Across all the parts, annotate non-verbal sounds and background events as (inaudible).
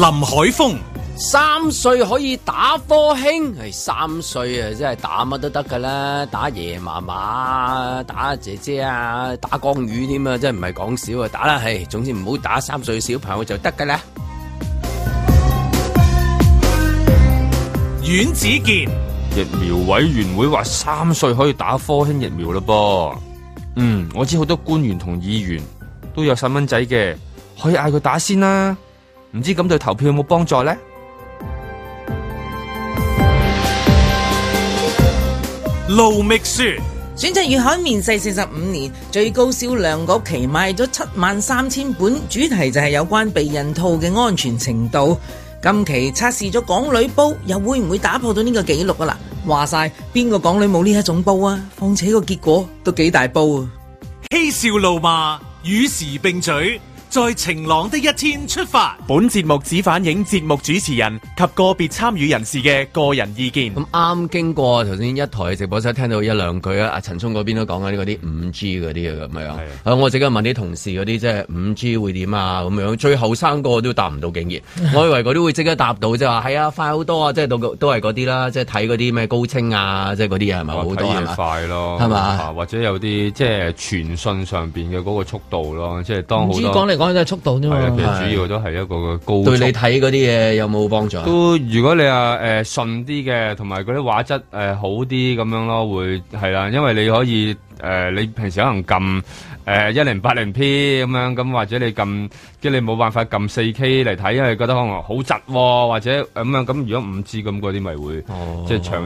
林海峰，三歲可以打科興，係、哎、三歲啊，真係打乜都得噶啦，打爺爺嫲嫲，打姐姐啊，打江宇添啊，真係唔係講笑啊，打啦，係，總之唔好打三歲小朋友就得噶啦。阮子健，疫苗委員會話三歲可以打科興疫苗嘞噃，嗯，我知好多官員同議員都有細蚊仔嘅，可以嗌佢打先啦。唔知咁對投票有冇幫助呢？盧覓雪，選擇《月刊面世》四十五年最高銷量嗰期賣咗七萬三千本，主題就係有關避孕套嘅安全程度。今期測試咗港女煲，又會唔會打破到呢個紀錄啊？嗱，話晒邊個港女冇呢一種煲啊？況且個結果都幾大煲啊！嬉笑怒罵，與時並舉。在晴朗的一天出發。本節目只反映節目主持人及個別參與人士嘅個人意見。咁啱經過頭先一台直播室聽到一兩句啊，阿陳聰嗰邊都講緊呢個啲五 G 嗰啲啊咁樣。的啊，我即刻問啲同事嗰啲，即係五 G 會點啊？咁樣，最後三個都答唔到竟然。 (laughs) 我以為嗰啲會即刻答到，就話、是、係啊，快好多啊，即、就、係、是、都都係嗰啲啦，即係睇嗰啲咩高清啊，即係嗰啲嘢係咪好多？睇得快咯，係嘛吧吧、啊？或者有啲即係傳訊上邊嘅嗰個速度咯，即、就、係、是、當好講講嘅、啊就是、速度啫嘛、啊，其實主要都係一個高。對你睇嗰啲嘢有冇幫助？都如果你話誒、呃、順啲嘅，同埋嗰啲畫質誒、呃、好啲咁樣咯，會係啦、啊，因為你可以誒、呃、你平時可能撳誒一零八零 P 咁樣，咁或者你撳即係你冇辦法撳四 K 嚟睇，因為覺得可能好窒，或者咁樣咁。如果五 G 咁嗰啲咪會、哦、即係暢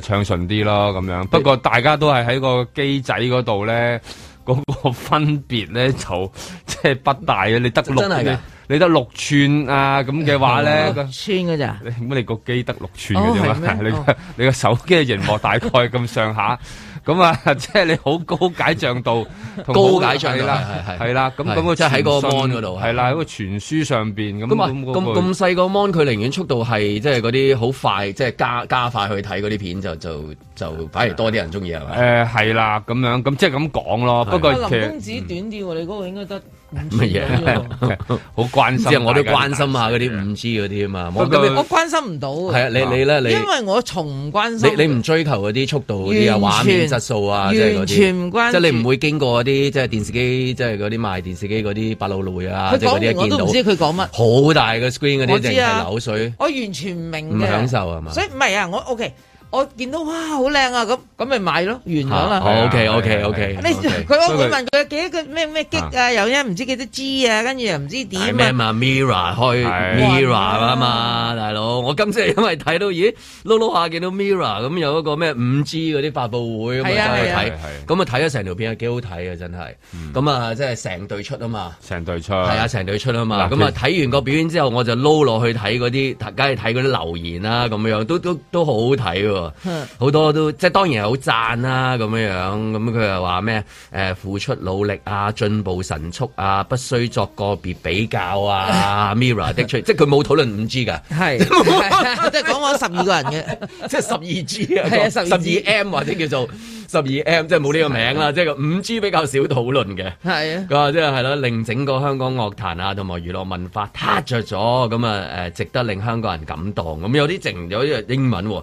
誒誒暢順啲咯咁樣。不過大家都係喺個機仔嗰度咧，嗰、嗰個分別咧就。 (laughs) 即係不大啊！你得六，你得六寸啊！咁嘅話咧，寸噶咋？咁你個機得六寸嘅啫，你你個手機嘅熒幕大概咁上下，咁啊，即係你好高解像度，高解像啦，係啦，咁咁個即係喺個 mon 嗰度，係啦，喺個傳輸上邊咁。咁啊，咁咁細個 mon，佢寧願速度係即係嗰啲好快，即係加加快去睇嗰啲片就就。就反而多啲人中意係咪？誒係啦，咁樣咁即係咁講咯。不過林公子短啲喎，你嗰個應該得。乜嘢？好關心即係我都關心下嗰啲五 G 嗰啲啊嘛。我我關心唔到。係啊，你你咧你。因為我從唔關心。你唔追求嗰啲速度嗰啲啊畫面質素啊，即係嗰啲。完全唔關。即係你唔會經過嗰啲即係電視機，即係嗰啲賣電視機嗰啲百老匯啊，即係嗰啲。我都唔知佢講乜。好大個 screen 嗰啲淨係流水。我完全唔明。唔享受係嘛？所以唔係啊，我 OK。我見到哇，好靚啊！咁咁咪買咯，完咗啦。OK OK OK。你佢我會問佢幾多咩咩激啊？有人唔知幾多 G 啊？跟住又唔知點咩嘛？Mirror 開 Mirror 啊嘛，大佬！我今次係因為睇到咦，撈撈下見到 Mirror 咁有一個咩五 G 嗰啲發布會咁啊，去睇。咁睇咗成條片啊，幾好睇啊真係！咁啊即係成隊出啊嘛，成隊出。係啊，成隊出啊嘛。咁啊睇完個表演之後，我就撈落去睇嗰啲，梗係睇嗰啲留言啦，咁樣都都都好好睇好 (music) 多都即係當然係好讚啦咁樣樣，咁佢又話咩誒付出努力啊進步神速啊不需作個別比較啊。Mirror 的出 (laughs) 即係佢冇討論五 G 噶，係即係講講十二個人嘅，即係十二 G 啊，十二、啊、M (laughs) 或者叫做十二 M，即係冇呢個名啦，是啊、即係五 G 比較少討論嘅，係是啊，啊，即係係啦令整個香港樂壇啊同埋娛樂文化塌着咗，咁啊誒值得令香港人感動咁，有啲剩有啲英文、啊。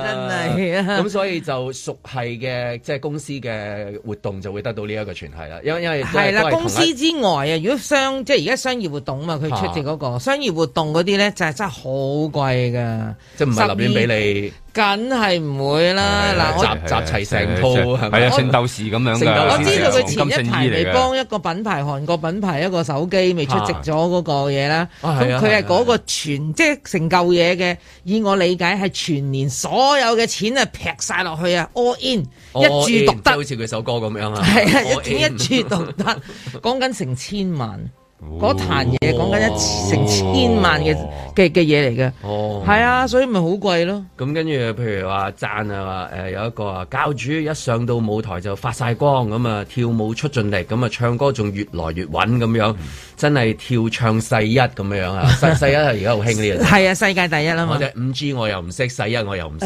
咁所以就屬係嘅，即係公司嘅活動就會得到呢一個傳系啦。因為因為係啦，公司之外啊，如果商即係而家商業活動啊嘛，佢出席嗰個商業活動嗰啲咧，就係真係好貴噶。即係唔係立亂俾你？梗係唔會啦。嗱，集集齊成套係咪？聖鬥士咁樣嘅。我知道佢前一排未幫一個品牌，韓國品牌一個手機未出席咗嗰個嘢啦。咁佢係嗰個全即係成嚿嘢嘅。以我理解係全年所有嘅錢啊！劈晒落去啊！all in All 一注獨得 in, 以，好似佢首歌咁樣啊！係啊的，All 一注一注獨得，講緊成千萬。嗰壇嘢講緊一成千萬嘅嘅嘅嘢嚟嘅，係啊，所以咪好貴咯。咁跟住譬如話讚啊，誒有一個啊教主一上到舞台就發晒光咁啊，跳舞出盡力咁啊，唱歌仲越來越穩咁樣，真係跳唱世一咁樣啊！世世一係而家好興呢樣。係啊，世界第一吖嘛！即五 G 我又唔識，世一我又唔識，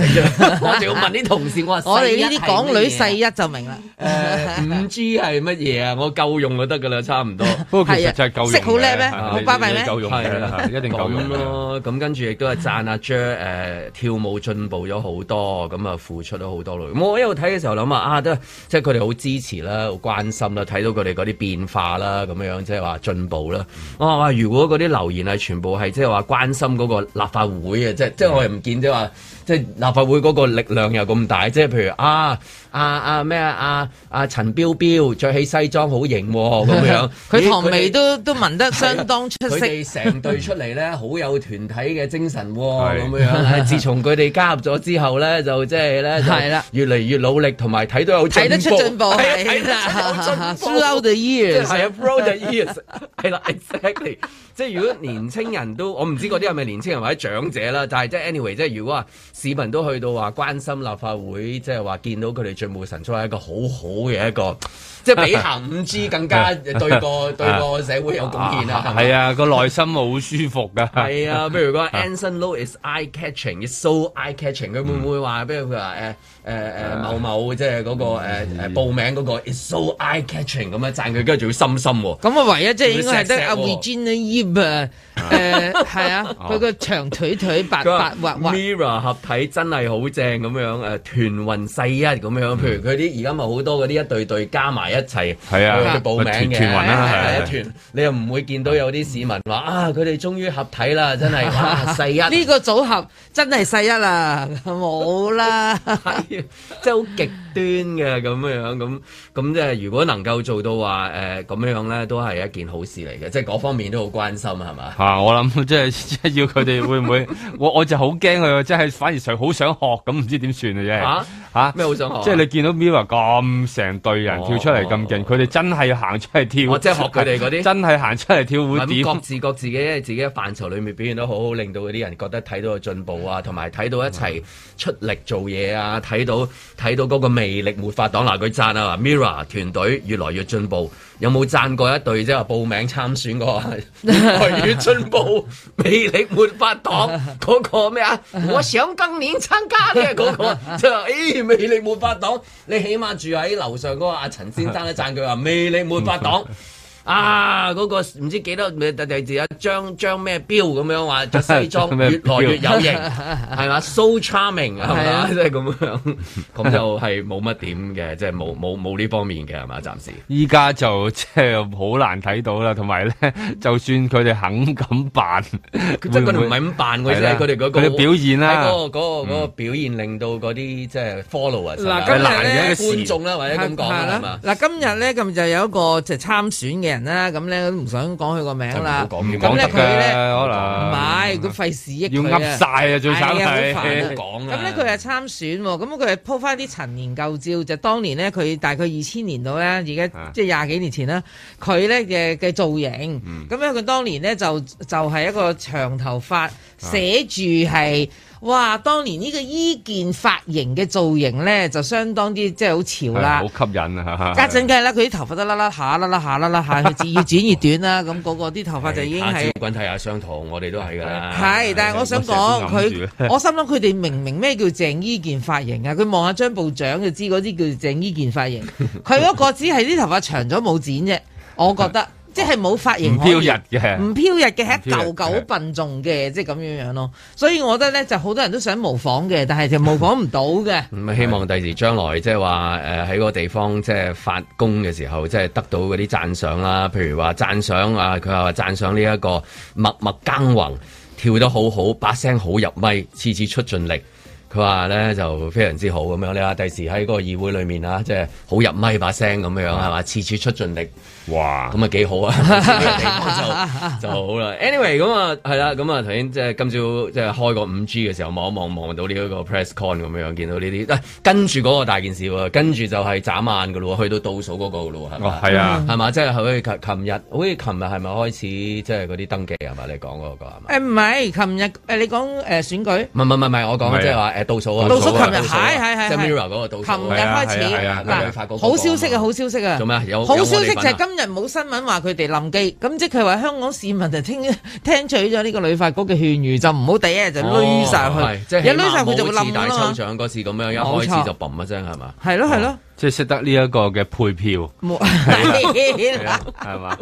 我只要問啲同事，我話我哋呢啲港女世一就明啦。五 G 係乜嘢啊？我夠用就得㗎啦，差唔多。不過其實就係咁。識對好叻咩？好巴閉咩？夠用一定夠用咁咯，咁跟住亦都係讚阿 Jer, (laughs) 呃、跳舞進步咗好多，咁啊付出咗好多咯。我一路睇嘅時候諗啊，啊即係即係佢哋好支持啦，好關心啦，睇到佢哋嗰啲變化啦，咁樣即係話進步啦。哇、啊！如果嗰啲留言係全部係即係話關心嗰個立法會嘅即係即係我又唔見即係話即係立法會嗰個力量又咁大，即係譬如啊。啊啊咩啊阿阿陳彪彪着起西裝好型咁樣，佢的咦唐眉都們都聞得相當出色。成隊出嚟咧，好有團體嘅精神咁樣的。自從佢哋加入咗之後咧，就即係咧，係啦，越嚟越努力，同埋睇到有進步，睇得出進步係啊，through the years 係啊，through the years 係啦 (laughs) ，exactly。即係如果年青人都，我唔知啲係咪年青人或者長者啦，但係即係 anyway，即係如果話市民都去到話關心立法會，即係話見到佢哋。媒神出係一個好好嘅一個，即係比行五 G 更加對個 (laughs) 對個社會有貢獻啦。係 (laughs) 啊，個、啊、內、啊、心好舒服噶。係啊，譬如個 Anson Lo is eye catching, is so eye catching。佢會唔會話？譬如佢話誒。欸誒誒某某即係嗰個誒誒報名嗰個，is so eye catching 咁樣讚佢，跟住仲要心心喎。咁啊，唯一即係應該係得阿 Regine y 係啊，佢個長腿腿白白滑滑。Mirror 合體真係好正咁樣誒，團魂世一咁樣。譬如佢啲而家咪好多嗰啲一對對加埋一齊係啊去報名嘅。團團魂啦係啊，你又唔會見到有啲市民話啊，佢哋終於合體啦，真係哇世一呢個組合。真係世一啦，冇啦，真係好勁。端嘅咁樣咁咁即係如果能夠做到話誒咁、呃、樣咧，都係一件好事嚟嘅，即係嗰方面都好關心係嘛、啊？我諗即係即係要佢哋會唔會？ (laughs) 我我就好驚佢，即係反而想好想學咁，唔知點算嘅啫。嚇咩好想學？即係你見到 MIRROR 咁成隊人跳出嚟咁近，佢哋真係要行出嚟跳。哦，哦真哦即係學佢哋嗰啲。真係行出嚟跳會點？咁各自各自己嘅自，自己嘅範疇裏面表現得好好，令到嗰啲人覺得睇到個進步啊，同埋睇到一齊出力做嘢、嗯、啊，睇到睇到嗰魅力沒法擋，嗱佢讚啊 Mira 團隊越來越進步。有冇讚過一隊即係報名參選嗰個越來越進步？魅力沒法擋，嗰個咩啊？我想今年參加嘅。嗰個即係誒魅力沒法擋。你起碼住喺樓上嗰個阿陳先生咧，讚佢話魅力沒法擋。啊！嗰個唔知幾多，第第有張張咩標咁樣話著西裝，越來越有型，係嘛？So charming 係咪？即係咁樣咁就係冇乜點嘅，即係冇冇冇呢方面嘅係嘛？暫時依家就即係好難睇到啦。同埋咧，就算佢哋肯咁辦，即係佢哋唔係咁辦嘅啫。佢哋嗰個表現啦，嗰個嗰個表現令到嗰啲即係 follower 嗱今日咧觀眾啦，或者咁講啊嘛。嗱今日咧咁就有一個即係參選嘅人啦，咁咧都唔想講佢個名啦。咁咧佢咧，可能唔係，佢費事。要噏曬啊！最慘係。咁咧佢係參選，咁佢係鋪翻啲陳年舊照，就當年咧佢大概二千年度咧，而家即係廿幾年前啦。佢咧嘅嘅造型，咁咧佢當年咧就就係一個長頭髮，寫住係。哇！當年呢個伊健髮型嘅造型咧，就相當啲即係好潮啦，好吸引啊！家陣梗係啦，佢啲的頭髮都甩啦下啦啦下啦啦下，下去越剪越短啦，咁嗰 (laughs) 個啲頭髮就已經係。阿冠睇下相同，我哋都係㗎啦。係，但係我想講佢，我心諗佢哋明明咩叫鄭伊健髮型啊？佢望下張部長就知嗰啲叫鄭伊健髮型。佢嗰 (laughs) 個只係啲頭髮長咗冇剪啫，我覺得。 (laughs) 即係冇髮型可唔飄逸嘅，唔飄逸嘅係一嚿嚿笨重嘅，即係咁樣樣咯。所以，我覺得咧就好多人都想模仿嘅，但係就模仿唔到嘅。咁 (laughs) 希望第時將來即係話誒喺個地方即係、就是、發功嘅時候，即、就、係、是、得到嗰啲讚賞啦。譬如話讚賞啊，佢話讚賞呢一個默默耕耘，跳得好好，把聲好入咪，次次出盡力。佢話咧就非常之好咁樣。你話第時喺個議會裏面啊，即係好入咪把聲咁樣係嘛，次的次出盡力。哇，咁啊幾好啊，就就好啦。Anyway，咁啊係啦，咁啊頭先即係今朝即係開個五 G 嘅時候望一望，望到呢個個 press con 咁樣，見到呢啲、哎，跟住嗰個大件事喎，跟住就係斬慢嘅咯，去到倒數嗰個嘅咯，係嘛？係、哦、啊，嘛？即係好似琴日，好似琴日係咪開始即係嗰啲登記係嘛？你講嗰、那個係嘛？唔係，琴日誒你講誒、呃、選舉？唔唔唔唔，我講即係話倒數啊、欸！倒數琴日，係係係係。Mirror 嗰個倒數。琴日開始好消息啊，好消息啊！做咩、那個？好消息就係今。今日冇新聞話佢哋冧機，咁即係話香港市民就聽聽取咗呢個旅發局嘅勸喻，就唔好第一日就攞晒佢，一攞晒佢就冧啦嘛。好似大秋長嗰次咁樣，啊、一開始就冧一聲係嘛？係咯係咯。吧即係識得呢一個嘅配票，係嘛沒？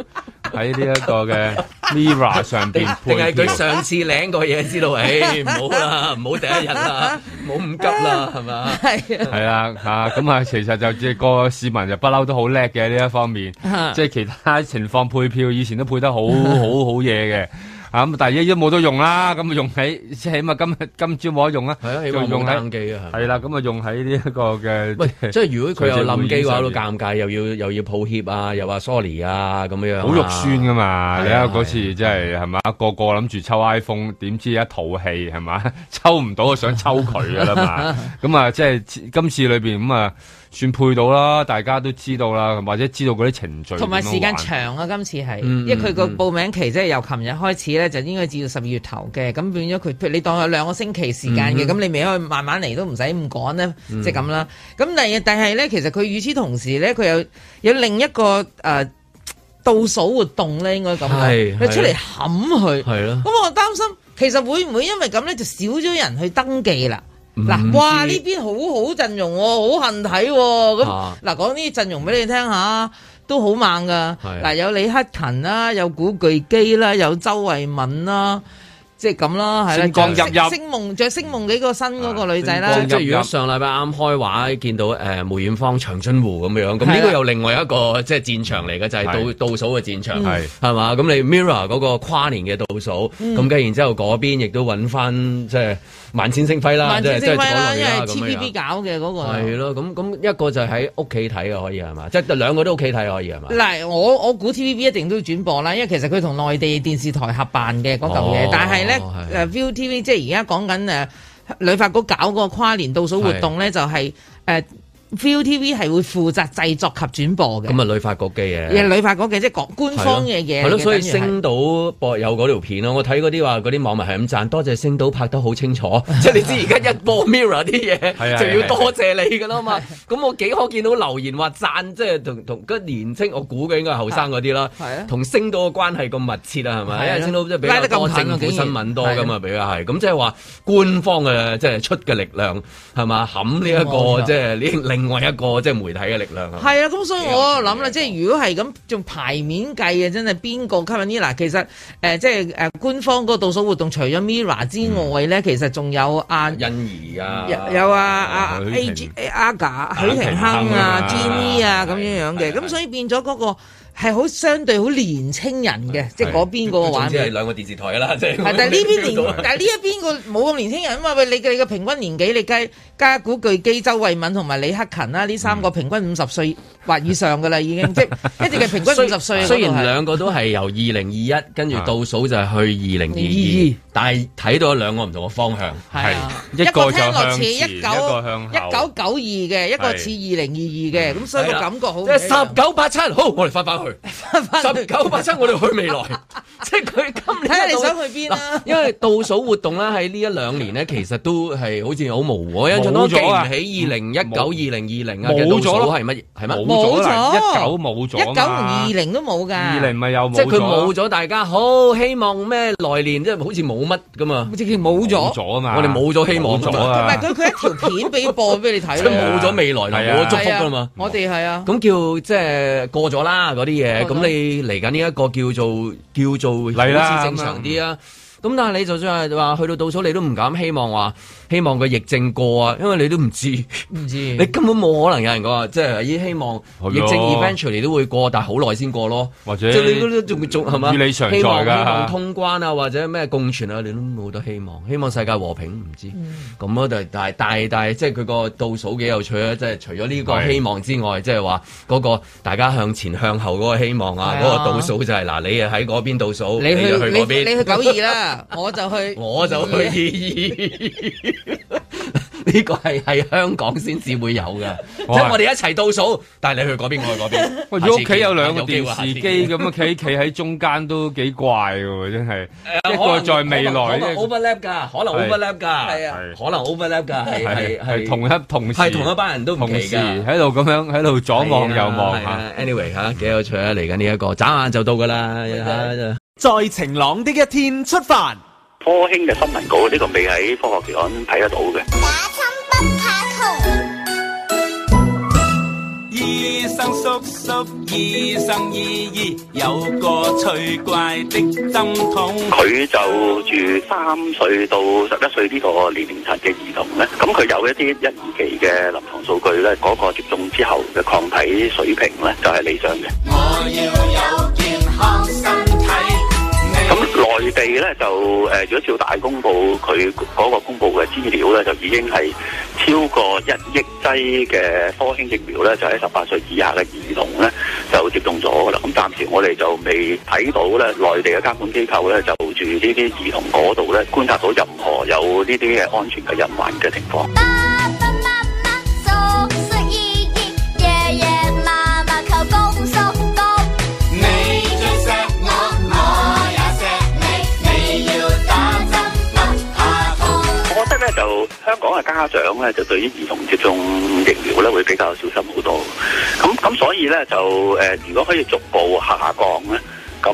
喺呢一個嘅 Mira 上邊配票，定係佢上次領過嘢知道？唉、欸，唔好啦，唔好第一日啦，唔好咁急啦，係咪，啊？係係啦吓，咁啊，啊，啊，其實就即係個市民就不嬲都好叻嘅呢一方面，啊、即係其他情況配票，以前都配得好好好嘢嘅。啊嚇！咁但係一一冇得用啦，咁啊用喺即係起碼今今朝冇得用啦，就用喺係啦，咁啊用喺呢一個嘅。喂，即係如果佢有冧機嘅話，都尷尬，又要又要抱歉啊，又話 sorry 啊，咁樣樣。好肉酸噶嘛！你睇嗰次真係係嘛，個個諗住抽 iPhone，點知一套戲係嘛，抽唔到我想抽佢噶啦嘛，咁啊即係今次裏邊咁啊。算配到啦，大家都知道啦，或者知道嗰啲程序。同埋時間長啊，今次係，嗯、因為佢個報名期即係、嗯、由琴日開始咧，就應該至到十二月頭嘅，咁變咗佢，譬如你當有兩個星期時間嘅，咁、嗯、哼你咪可以慢慢嚟，都唔使咁趕咧，即係咁啦。咁第二，但係咧，其實佢與此同時咧，佢有有另一個誒、呃、倒數活動咧，應該咁，佢、啊、出嚟冚佢，係咯、啊。咁我擔心，其實會唔會因為咁咧，就少咗人去登記啦？嗱，哇！呢邊好好陣容、喎，好恨睇、喎。咁嗱，講啲、啊、陣容俾你聽下，都好猛噶。嗱的、啊，有李克勤啦、啊，有古巨基啦、啊，有周慧敏啦。即係咁咯，係啦，星夢着星夢呢個新嗰個女仔啦。即係如果上禮拜啱開畫，見到誒梅艷芳長春湖咁樣，咁應該有另外一個即係戰場嚟嘅，就係倒倒數嘅戰場，係嘛？咁你 Mirror 嗰個跨年嘅倒數，咁跟然之後嗰邊亦都揾翻即係萬千星輝啦，即係即係 TVB 搞嘅嗰個係咯。咁咁一個就喺屋企睇嘅可以係嘛？即係兩個都屋企睇可以係嘛？嗱，我我估 TVB 一定都要轉播啦，因為其實佢同內地電視台合辦嘅嗰嚿嘢，但係咧。誒 ViuTV 即係而家講緊誒，旅發局搞嗰個跨年倒數活動咧，就係誒。呃呃呃呃呃 ViuTV 係會負責製作及轉播嘅。咁啊，旅發局嘅嘢。嘅旅發局嘅，即係講官方嘅嘢。係咯，所以星島播有嗰條片咯。我睇嗰啲話嗰啲網民係咁贊，多謝星島拍得好清楚。即係你知而家一播 Mirror 啲嘢，就要多謝你噶啦嘛。咁我幾可見到留言話贊，即係同同年青，我估嘅應該係後生嗰啲啦。同星島嘅關係咁密切啊，係咪？星島即係比較多政府新聞多噶嘛，比較係。咁即係話官方嘅即係出嘅力量係嘛？冚呢一個即係呢令。另外一個即係媒體嘅力量啊，係啊，咁所以我諗啦，即係如果係咁，仲排面計啊，真係邊個吸引啲？嗱，其實誒，即係誒，官方個倒數活動除咗 Mira 之外咧，其實仲有阿欣宜啊，有啊，阿 Agaga 許廷鏗啊 Demi 啊，咁樣樣嘅，咁所以變咗嗰個係好相對好年青人嘅，即係嗰邊個。總之即係兩個電視台啦，即係。但係呢邊年，但係呢一邊個冇咁年青人啊嘛，喂，你你個平均年紀你計？加古巨基周慧敏同埋李克勤啦，呢三個平均五十歲或以上噶啦，已經即係跟住佢平均五十歲。雖然兩個都係由二零二一跟住倒數就係去二零二二，但係睇到兩個唔同嘅方向。係一個就向前，一個向後。一九九二嘅，一個似二零二二嘅，咁所以個感覺好。即係十九八七，好我哋翻翻去，翻翻去十九八七，我哋去未來，即係去今年。睇下你想去邊啦？因為倒數活動咧，喺呢一兩年咧，其實都係好似好模糊。冇咗啊！記唔起二零一九二零二零啊，冇咗咯，係乜？係乜？冇咗一九冇咗，一九二零都冇噶。二零咪又冇。即係佢冇咗，大家好希望咩來年即係好似冇乜噶嘛？即係冇咗啊嘛！我哋冇咗希望咗啦。唔係佢佢一條片俾播俾你睇。即係冇咗未來，冇祝福噶嘛。我哋係啊。咁叫即係過咗啦嗰啲嘢。咁你嚟緊呢一個叫做叫做好似，正常啲啊。咁但係你就算係話去到倒數，你都唔敢希望話，希望佢疫症過啊，因為你都唔知，唔知，你根本冇可能有人講話，即係以希望疫症 eventually 都會過，但係好耐先過咯。或者，即係你都都仲仲係嘛？希望希望通關啊，或者咩共存啊，你都冇得希望。希望世界和平，唔知。咁咯，就但係但係但即係佢個倒數幾有趣啊。即係除咗呢個希望之外，即係話嗰個大家向前向後嗰個希望啊，嗰個倒數就係嗱，你啊喺嗰邊倒數，你去你去九二啦。我就去，我就去二二，呢個係係香港先至會有噶，即係我哋一齊倒數，但係你去嗰邊，我去嗰邊。哇，屋企有兩台電視機咁啊，企企喺中間都幾怪噶，真係。一個在未來，好不 left 噶，可能好不 left 噶，係啊，可能好不 left 噶，係係係同一同時係同一班人都唔奇噶，喺度咁樣，喺度左望右望吓。Anyway 吓，幾有趣啊！嚟緊呢一個，眨眼就到噶啦，吓就。在晴朗的一天出發。科興嘅新聞稿呢個未喺科學期刊睇得到嘅。打針不怕痛，醫生叔叔，醫生姨姨，有個趣怪的針筒。佢就住三歲到十一歲呢個年齡層嘅兒童咧，咁佢有一啲一二期嘅臨床數據咧，嗰個接種之後嘅抗體水平咧就係理想嘅。我要有健康心。咁內地咧就誒，如、呃、果照大公佈佢嗰個公佈嘅資料咧，就已經係超過一億劑嘅科興疫苗咧，就喺十八歲以下嘅兒童咧就接種咗啦。咁暫時我哋就未睇到咧，內地嘅監管機構咧，就住呢啲兒童嗰度咧觀察到任何有呢啲嘅安全嘅隱患嘅情況。媽媽媽就香港嘅家長咧，就對於兒童接種疫苗咧會比較小心好多。咁咁所以咧就誒、呃，如果可以逐步下降咧，咁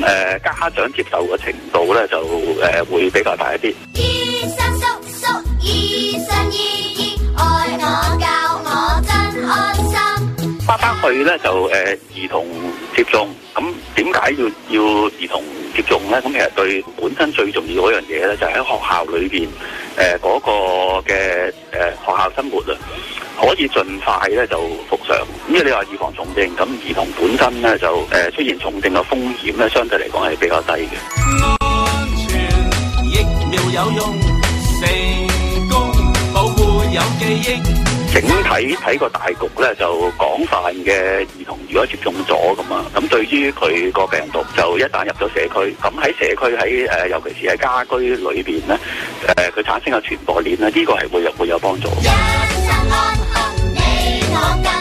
誒、呃、家長接受嘅程度咧就誒、呃、會比較大一啲。醫生叔叔，醫生姨姨，愛我教我真安心。爸爸去咧就誒、呃、兒童接種，咁點解要要兒童？重咧，咁其實對本身最重要嗰樣嘢咧，就喺、是、學校裏邊，誒、呃、嗰、那個嘅誒、呃、學校生活啊，可以盡快咧就復常。因為你話預防重症，咁兒童本身咧就誒、呃、出現重症嘅風險咧，相對嚟講係比較低嘅。安全疫苗有有用，成功保護有記憶。整體睇個大局咧，就廣泛嘅兒童如果接種咗咁啊，咁對於佢個病毒就一旦入咗社區，咁喺社區喺、呃、尤其是喺家居裏邊咧，誒、呃、佢產生嘅傳播鏈咧，呢、呢個係會，會有會有幫助。 (music)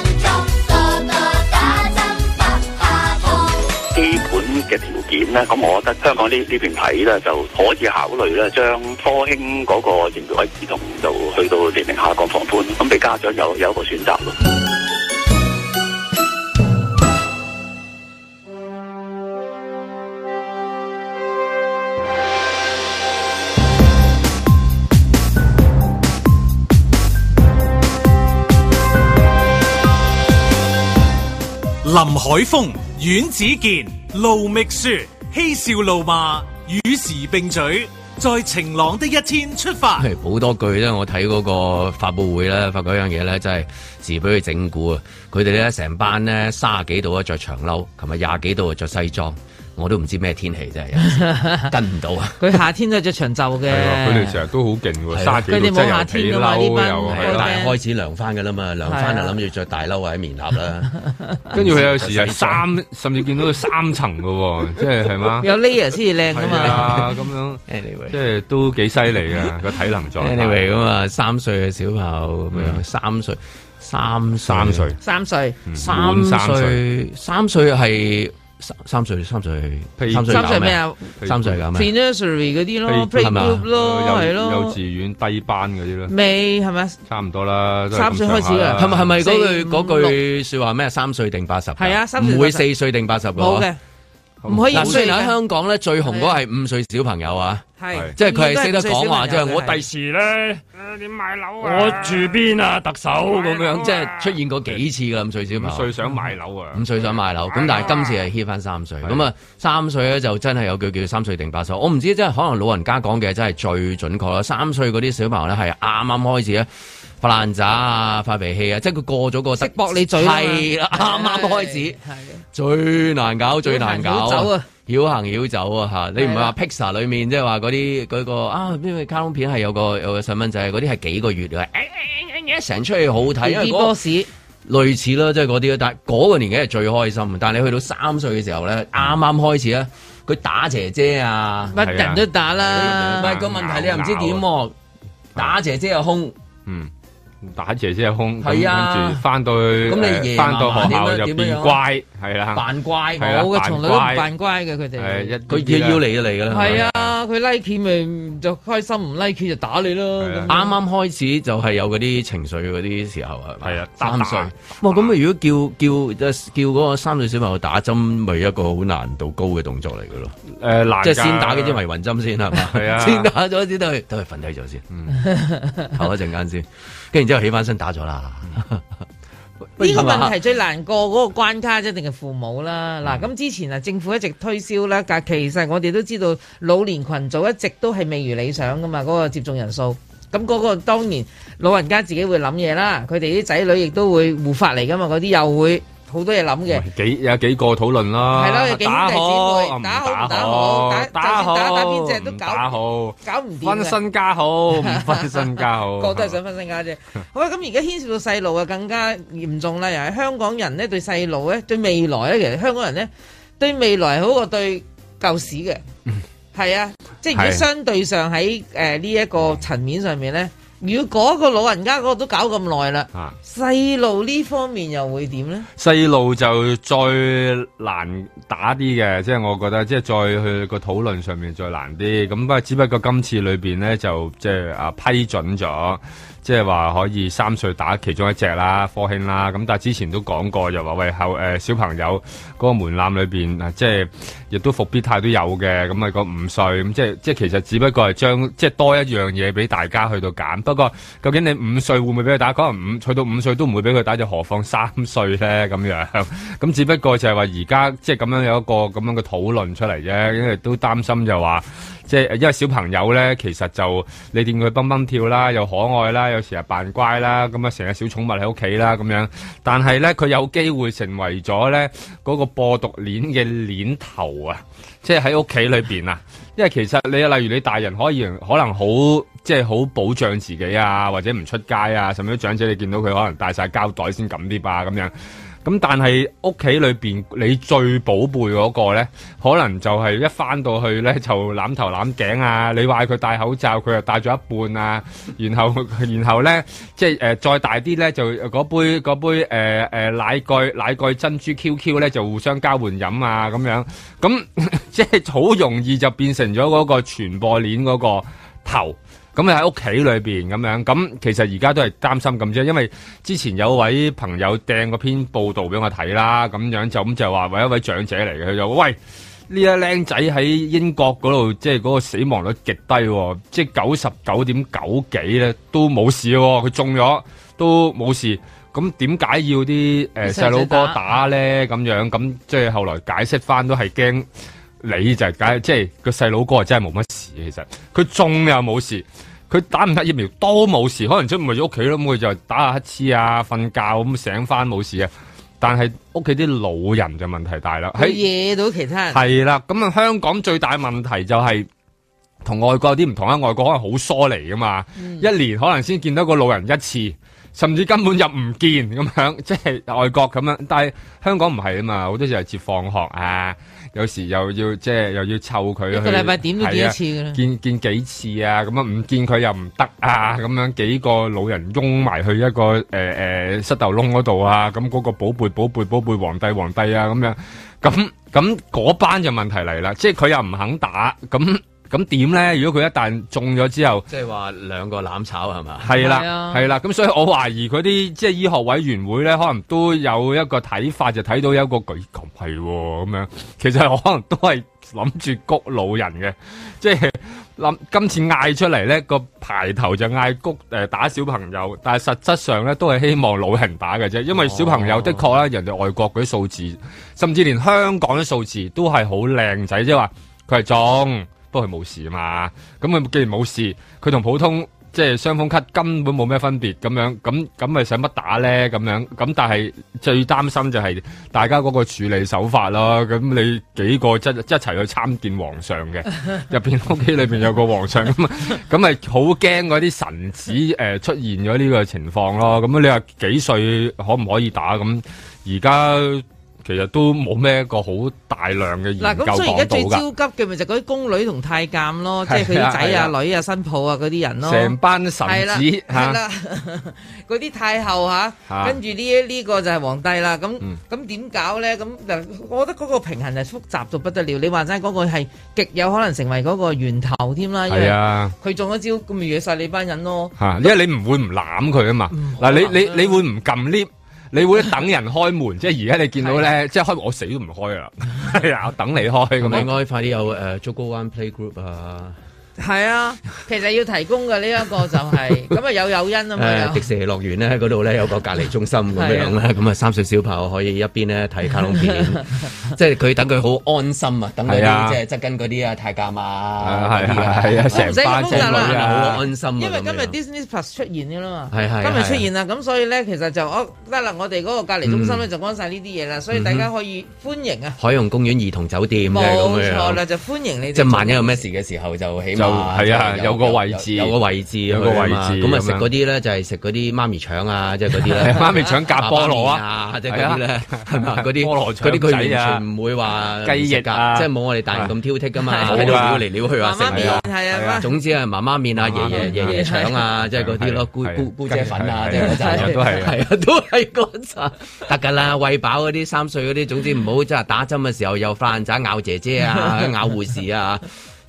嘅條件咧，咁我覺得香港呢呢邊睇咧，就可以考慮咧，將科興嗰個疫苗嘅兒童就去到年齡下降放寬，咁俾家長有有一個選擇咯。林海峰、阮子健。盧覓雪、嬉笑、怒罵、與時並舉，在晴朗的一天出發。好多句咧，我睇嗰個發佈會咧，發覺一樣嘢咧，真係自俾佢整蠱啊！佢哋咧成班咧三十幾度就着長褸；同埋廿幾度啊，着西裝。我都唔知咩天氣真係，跟唔到啊！佢夏天都係著長袖嘅。佢哋成日都好勁喎，沙幾真係溜又係啦，開始涼翻㗎啦嘛，涼翻就諗住着大褸或者棉盒啦。跟住佢有時係三，甚至見到佢三層喎。即係係嘛。有 layer 先至靚㗎嘛，咁樣。即係都幾犀利㗎。個體能 anyway 咁啊，三歲嘅小朋友咁樣，三歲，三歲，三歲，三歲，滿三歲，三歲係。三三歲三歲三歲咩啊？三歲㗎咩？Preschool 嗰啲咯，playgroup 咯，係咯，幼稚園低班嗰啲咯。未係咪？差唔多啦，三歲開始嘅。係咪係咪嗰句嗰句說話咩？三歲定八十。係啊，三歲唔會四歲定八十嘅。冇嘅，唔可以。嗱，雖然喺香港咧最紅嗰係五歲小朋友啊。係，是即係佢係識得講話，是即係我第時咧，你買樓啊？我住邊啊？特首咁樣，即係出現過幾次噶咁，最少是五歲想買樓啊，嗯、五歲想買樓，咁的但係今次係 hit 翻三歲，咁啊的三歲咧就真係有句叫三歲定八歲，我唔知即係可能老人家講嘅真係最準確啦。三歲嗰啲小朋友咧係啱啱開始咧。發爛渣啊，發脾氣啊，即係佢過咗個識駁你嘴，係啦，啱啱開始，係最難搞，最難搞，妖行妖走啊吓！你唔係話 Pixar 裏面即係話嗰啲嗰個啊，因卡通片係有個有個細蚊仔，嗰啲係幾個月嘅，成出去好睇，似波士類似啦，即係嗰啲啦，但係嗰個年紀係最開心，但係你去到三歲嘅時候咧，啱啱開始咧，佢打姐姐啊，乜人都打啦，唔係個問題，你又唔知點，打姐姐又凶，嗯。打斜先係空，啊、跟住翻到翻到學校就變乖。係啦，扮乖冇嘅，從嚟都唔扮乖嘅佢哋。佢要嚟就嚟啦。係啊，佢 like 你咪就開心，唔 like 你就打你咯。啱啱開始就係有嗰啲情緒嗰啲時候啊。係啊，三歲。哇，咁如果叫叫叫嗰個三歲小朋友打針，咪一個好難度高嘅動作嚟嘅咯。誒，即係先打嗰啲迷魂針先係咪？係啊。先打咗啲都係都係瞓低咗先。唞一陣間先，跟住然之後起翻身打咗啦。呢個問題最難過嗰個關卡一定係父母啦。嗱、嗯，咁之前啊，政府一直推銷啦，但其實我哋都知道老年群組一直都係未如理想噶嘛，嗰個接種人數。咁嗰個當然老人家自己會諗嘢啦，佢哋啲仔女亦都會護法嚟噶嘛，嗰啲又會。好多嘢諗嘅，幾有幾個討論啦。係咯，打好，打好，打好，打好，打好，打好，唔打好，搞唔掂。分身家好，唔分身家好，個個都係想分身家啫。好啊，咁而家牽涉到細路啊，更加嚴重啦。又係香港人咧，對細路咧，對未來咧，其實香港人咧，對未來好過對舊時嘅。係啊，即係如果相對上喺誒呢一個層面上面咧。如果嗰個老人家嗰個都搞咁耐啦，細路呢方面又會點咧？細路就再難打啲嘅，即係我覺得即係再去個討論上面再難啲，咁不過只不過今次裏邊咧就即係啊批准咗。即係話可以三歲打其中一隻啦，科興啦，咁但係之前都講過就，又話為後誒小朋友嗰個門檻裏面，即係亦都復必泰都有嘅，咁啊個五歲，咁即係即係其實只不過係將即係多一樣嘢俾大家去到揀，不過究竟你五歲會唔會俾佢打？可能五去到五歲都唔會俾佢打，就何況三歲咧咁樣？咁只不過就係話而家即係咁樣有一個咁樣嘅討論出嚟啫，因為都擔心就話。即係因為小朋友咧，其實就你見佢蹦蹦跳啦，又可愛啦，有時候扮乖啦，咁啊成日小寵物喺屋企啦咁樣。但係咧，佢有機會成為咗咧嗰個播毒鏈嘅鏈頭啊！即係喺屋企裏邊啊，因為其實你例如你大人可以可能好即係好保障自己啊，或者唔出街啊，甚至長者你見到佢可能帶晒膠袋先咁啲吧咁樣。咁但係屋企裏邊你最寶貝嗰個呢，可能就係一翻到去呢，就攬頭攬頸啊！你話佢戴口罩，佢又戴咗一半啊。然後然後呢即係、呃、再大啲呢，就嗰杯嗰杯誒、呃、奶蓋奶蓋珍珠 QQ 呢，就互相交換飲啊咁樣。咁即係好容易就變成咗嗰個傳播鏈嗰個頭。咁你喺屋企裏邊咁樣，咁其實而家都係擔心咁啫。因為之前有位朋友掟嗰篇報道俾我睇啦，咁樣就咁就話為一位長者嚟嘅，佢就話喂，呢一靚仔喺英國嗰度，即係嗰個死亡率極低，即係九十九點九幾咧都冇事。佢中咗都冇事，咁點解要啲誒細佬哥打咧？咁樣咁即係後來解釋返都係驚你就係、是、解，即係個細佬哥真係冇乜事。其實佢中又冇事。佢打唔打疫苗都冇事，可能出唔去咗屋企咯，咁佢就打下乞嗤啊，瞓覺咁醒翻冇事啊。但係屋企啲老人就問題大啦，佢惹到其他人係啦。咁啊，香港最大問題就係、是、同外國有啲唔同啦。外國可能好疏離噶嘛，嗯、一年可能先見到個老人一次，甚至根本就唔見咁樣，即係外國咁樣。但係香港唔係啊嘛，好多時係接放學啊。有時又要即係又要湊佢一個禮拜點咗幾多次嘅啦、啊，見見幾次啊，咁樣唔見佢又唔得啊，咁樣幾個老人擁埋去一個誒誒膝頭窿嗰度啊，咁嗰個寶貝寶貝寶貝皇帝皇帝啊，咁樣，咁咁嗰班就問題嚟啦，即係佢又唔肯打咁。咁點咧？如果佢一旦中咗之後，即係話兩個攬炒係嘛？係啦，係啦的。咁的所以我懷疑嗰啲即係醫學委員會咧，可能都有一個睇法，就睇到有個舉球係咁樣。其實可能都係諗住谷老人嘅，即、就、係、諗、今次嗌出嚟咧個牌頭就嗌谷、呃、打小朋友，但係實質上咧都係希望老人打嘅啫，因為小朋友的確咧、哦、人哋外國嗰啲數字，甚至連香港啲數字都係好靚仔，即係話佢係中。不過冇事嘛，咁佢既然冇事，佢同普通即係傷風咳根本冇咩分別咁樣，咁咁咪使乜打咧咁樣？咁但係最擔心就係大家嗰個處理手法咯。咁你幾個一一齊去參見皇上嘅，入邊屋企裏邊有個皇上咁，咁咪好驚嗰啲臣子誒出現咗呢個情況咯。咁你話幾歲可唔可以打？咁而家。其實都冇咩一個好大量嘅研究到噶。嗱，咁所以而家最焦急嘅咪就嗰啲宮女同太監咯，即係佢啲仔啊、女啊、新抱啊嗰啲人咯。成班臣子係啦，係啦，嗰啲太后吓，跟住呢呢個就係皇帝啦。咁咁點搞咧？咁，我覺得嗰個平衡係複雜到不得了。你話齋嗰個係極有可能成為嗰個源頭添啦。係啊，佢中咗招，咁咪惹晒你班人咯。吓，因為你唔會唔攬佢啊嘛。嗱，你你你會唔撳 lift？你會等人開門， (laughs) 即係而家你見到咧， (laughs) 即係開門我死都唔開啊！係啊，等你開咁樣，係咪應該快啲有 o 誒 One、 (laughs) 呃、playgroup 啊！係啊，其實要提供嘅呢一個就係咁啊，有誘因啊嘛，迪士尼樂園咧，喺嗰度咧有個隔離中心咁樣啦，咁啊三歲小朋友可以一邊咧睇卡通片，即係佢等佢好安心啊，等佢啊即係即係嗰啲啊太迦嘛，係啊係啊，成班即係好安心，因為今日 Disney+ 出現噶啦嘛，今日出現啦，咁所以咧其實就我得啦，我哋嗰個隔離中心咧就安晒呢啲嘢啦，所以大家可以歡迎啊，海洋公園兒童酒店冇錯啦，就歡迎你，即係萬一有咩事嘅時候就起。係啊，有個位置，有個位置，有個位置。咁啊，食嗰啲咧就係食嗰啲媽咪腸啊，即係嗰啲咧。媽咪腸夾菠蘿啊，即係嗰啲，係嘛，嗰啲菠蘿腸嗰啲佢完全唔會話雞翼啊，即係冇我哋大人咁挑剔噶嘛，喺度撩嚟撩去啊，食麵係啊，總之係媽媽麵啊，爺爺爺爺腸啊，即係嗰啲咯，姑姑姑姐粉啊，即係嗰扎，都係係啊，都係得噶啦，餵飽嗰啲三歲嗰啲，總之唔好即係打針嘅時候又發爛渣咬姐姐啊，咬護士啊。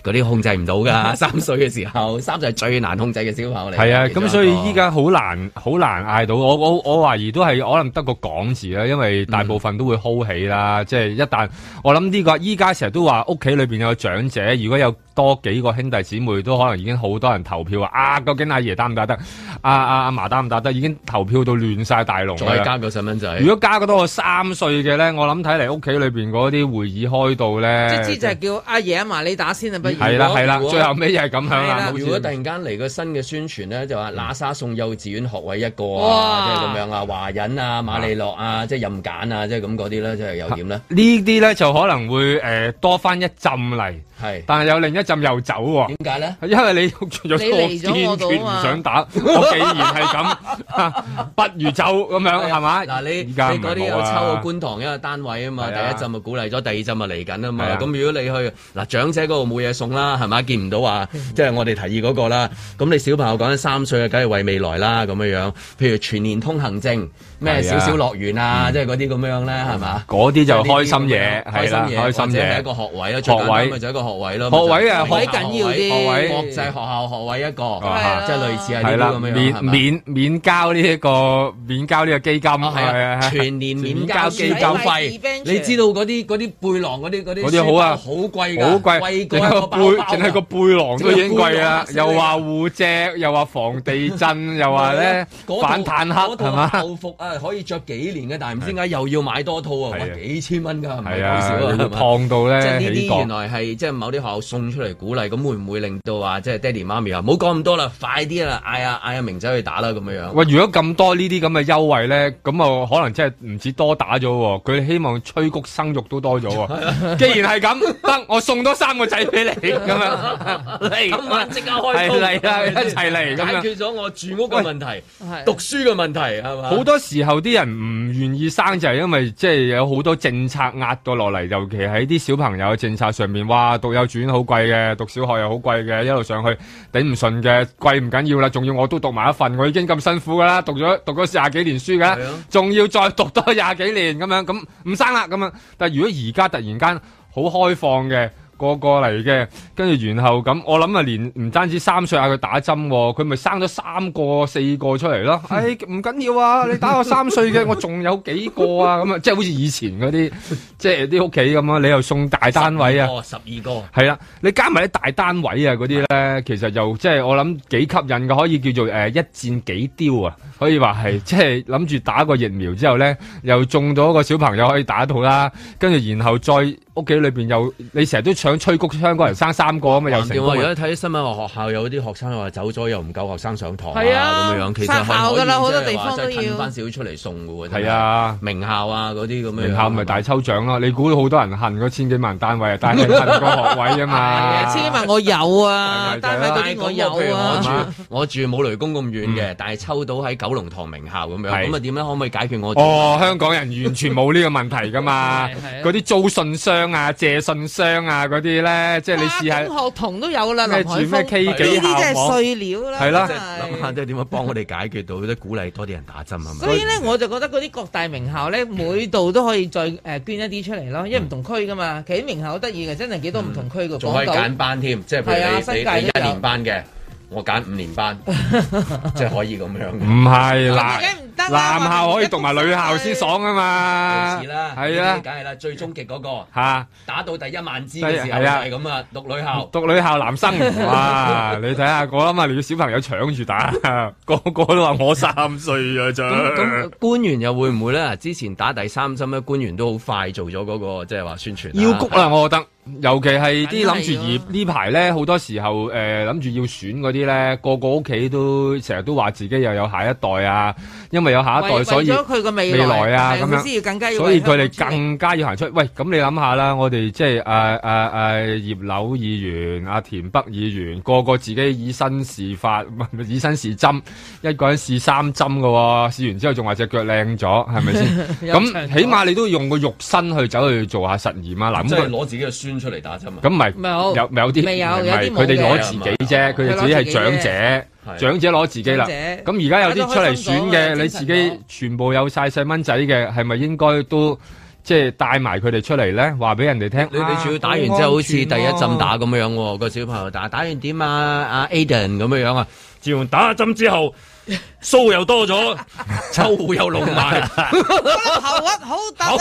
嗰啲控制唔到噶， (laughs) 三歲嘅時候，三歲係最難控制嘅小朋友嚟。係啊，咁所以依家好難，好難嗌到。我我我懷疑都係可能得個講字啦，因為大部分都會哭起啦。即係、嗯、一旦我諗呢個依家成日都話屋企裏面有長者，如果有。多幾個兄弟姊妹都可能已經好多人投票啊！究竟阿爺打唔打得？啊啊、阿阿阿嫲打唔打得？已經投票到亂晒大龍了，再加個細蚊仔。如果加個多個三歲嘅咧，我諗睇嚟屋企裏面嗰啲會議開到咧，即係叫阿爺阿嫲你打先啊，不如果。係啦係啦，是是最後尾又係咁樣。的像如果突然間嚟個新嘅宣傳咧，就話娜沙送幼稚園學位一個、啊，即係咁樣啊，華人啊，瑪利諾啊，即係任揀啊，即係咁嗰啲咧，即係又點咧？就是、呢啲咧、啊、就可能會、呃、多翻一浸嚟。係，但係有另一陣又走喎。點解咧？因為你有個堅決唔想打，我既然係咁，不如走咁樣係咪？嗱，你你嗰啲又抽個觀塘一個單位啊嘛，第一陣就鼓勵咗，第二陣就嚟緊啊嘛。咁如果你去嗱長者嗰度冇嘢送啦，係咪？見唔到話，即係我哋提議嗰個啦。咁你小朋友講緊三歲啊，梗係為未來啦咁樣樣。譬如全年通行證。咩少少樂園啊，即係嗰啲咁樣咧，係嘛？嗰啲就開心嘢，係啦，開心嘢。或者係一個學位咯，最緊要咪就係一個學位咯。學位啊，最緊要啲國際學校學位一個，即係類似係呢個咁樣。免免交呢一個免交呢個基金，係啊，全年免交寄教費。你知道嗰啲啲背囊嗰啲啲啲好啊？好貴好貴。淨係個背，淨係個背囊都已經貴啦。又話護脊，又話防地震，又話咧反坦克係嘛？可以着幾年嘅，但係唔知點解又要買多套啊？幾千蚊㗎，係咪好少啊？胖到咧，即係呢啲原來係即係某啲學校送出嚟鼓勵，咁會唔會令到話即係爹哋媽咪啊，唔好講咁多啦，快啲啦，嗌阿嗌阿明仔去打啦咁樣樣。喂，如果咁多呢啲咁嘅優惠咧，咁啊可能真係唔止多打咗，佢希望催谷生育都多咗。既然係咁，得我送多三個仔俾你咁樣，咁啊即刻開通嚟啊，一齊嚟解決咗我住屋嘅問題、讀書嘅問題係嘛？好多時。後啲人唔願意生就係因為即係有好多政策壓到落嚟，尤其喺啲小朋友嘅政策上面。哇，讀幼稚園好貴嘅，讀小學又好貴嘅，一路上去頂唔順嘅，貴唔緊要啦，仲要我都讀埋一份，我已經咁辛苦噶啦，讀咗讀咗廿幾年書噶，仲、啊、要再讀多廿幾年咁樣，咁唔生啦咁樣。但係如果而家突然間好開放嘅。個個嚟嘅，跟住然後咁，我諗啊，連唔單止三歲啊，佢打針，佢咪生咗三個四個出嚟咯。唉、嗯，唔緊、哎、要緊啊，你打我三歲嘅， (laughs) 我仲有幾個啊？咁啊，即係好似以前嗰啲，即係啲屋企咁啊，你又送大單位啊？哦，十二個。係啦、啊，你加埋啲大單位啊，嗰啲咧，的其實又即係我諗幾吸引嘅，可以叫做誒、呃、一戰幾雕啊，可以話係即係諗住打個疫苗之後咧，又中咗個小朋友可以打到啦，跟住然後再。屋企裏邊又，你成日都想催谷香港人生三個啊嘛，又成，而家睇新聞話學校有啲學生話走咗，又唔夠學生上堂啊，咁樣其實學校噶啦，好多地方都要。翻少出嚟送嘅喎。係啊，名校啊嗰啲咁樣。名校咪大抽獎咯，你估到好多人恨嗰千幾萬單位啊，但係恨個學位啊嘛。千幾萬我有啊，但係但係我有啊。我住我住冇雷公咁遠嘅，但係抽到喺九龍塘名校咁樣，咁啊點咧？可唔可以解決我？哦，香港人完全冇呢個問題噶嘛，嗰啲租信箱。啊！借信箱啊，嗰啲咧，即係你試下。學童都有啦。咩住咩 K 幾校呢啲即係碎料啦。係咯，諗下即係點樣幫我哋解決到，即係鼓勵多啲人打針啊。咪？所以咧，我就覺得嗰啲各大名校咧，每度都可以再誒捐一啲出嚟咯，因為唔同區噶嘛。其實啲名校好得意嘅，真係幾多唔同區嘅。仲可以揀班添，即係譬如世界一年班嘅。我揀五年班，即係可以咁樣。唔係啦，男校可以讀埋女校先爽啊嘛。係啊，梗係啦，最終極嗰個吓，打到第一萬支嘅時候係咁啊，讀女校，讀女校男生哇，你睇下我啊連小朋友搶住打，個個都話我三歲啊咋？咁官員又會唔會咧？之前打第三針咧，官員都好快做咗嗰個，即係話宣傳。要谷啦，我覺得。尤其係啲諗住葉呢排咧，好多時候誒諗住要選嗰啲咧，個個屋企都成日都話自己又有下一代啊，因為有下一代，所以佢個未，未來啊，咁的樣，要更加要所以佢哋更加要行出。喂，咁你諗下啦，我哋即係誒誒誒葉劉議員、阿、啊、田北議員，個個自己以身試法、啊啊，以身試針，一個人試三針噶、哦，試完之後仲話隻腳靚咗，係咪先？咁起碼你都用個肉身去走去做下實驗啊！嗱，咁佢攞自己嘅出嚟打針啊！咁唔係有咪有啲，佢哋攞自己啫，佢哋自己係長者，長者攞自己啦。咁而家有啲出嚟選嘅，你自己全部有曬細蚊仔嘅，係咪應該都即係帶埋佢哋出嚟咧？話俾人哋聽，你你只要打完之後好似第一針打咁樣喎，個小朋友，打打完點啊 Aiden 咁樣樣啊，自從打針之後。數又多咗，秋又老埋，頭屈好大，頭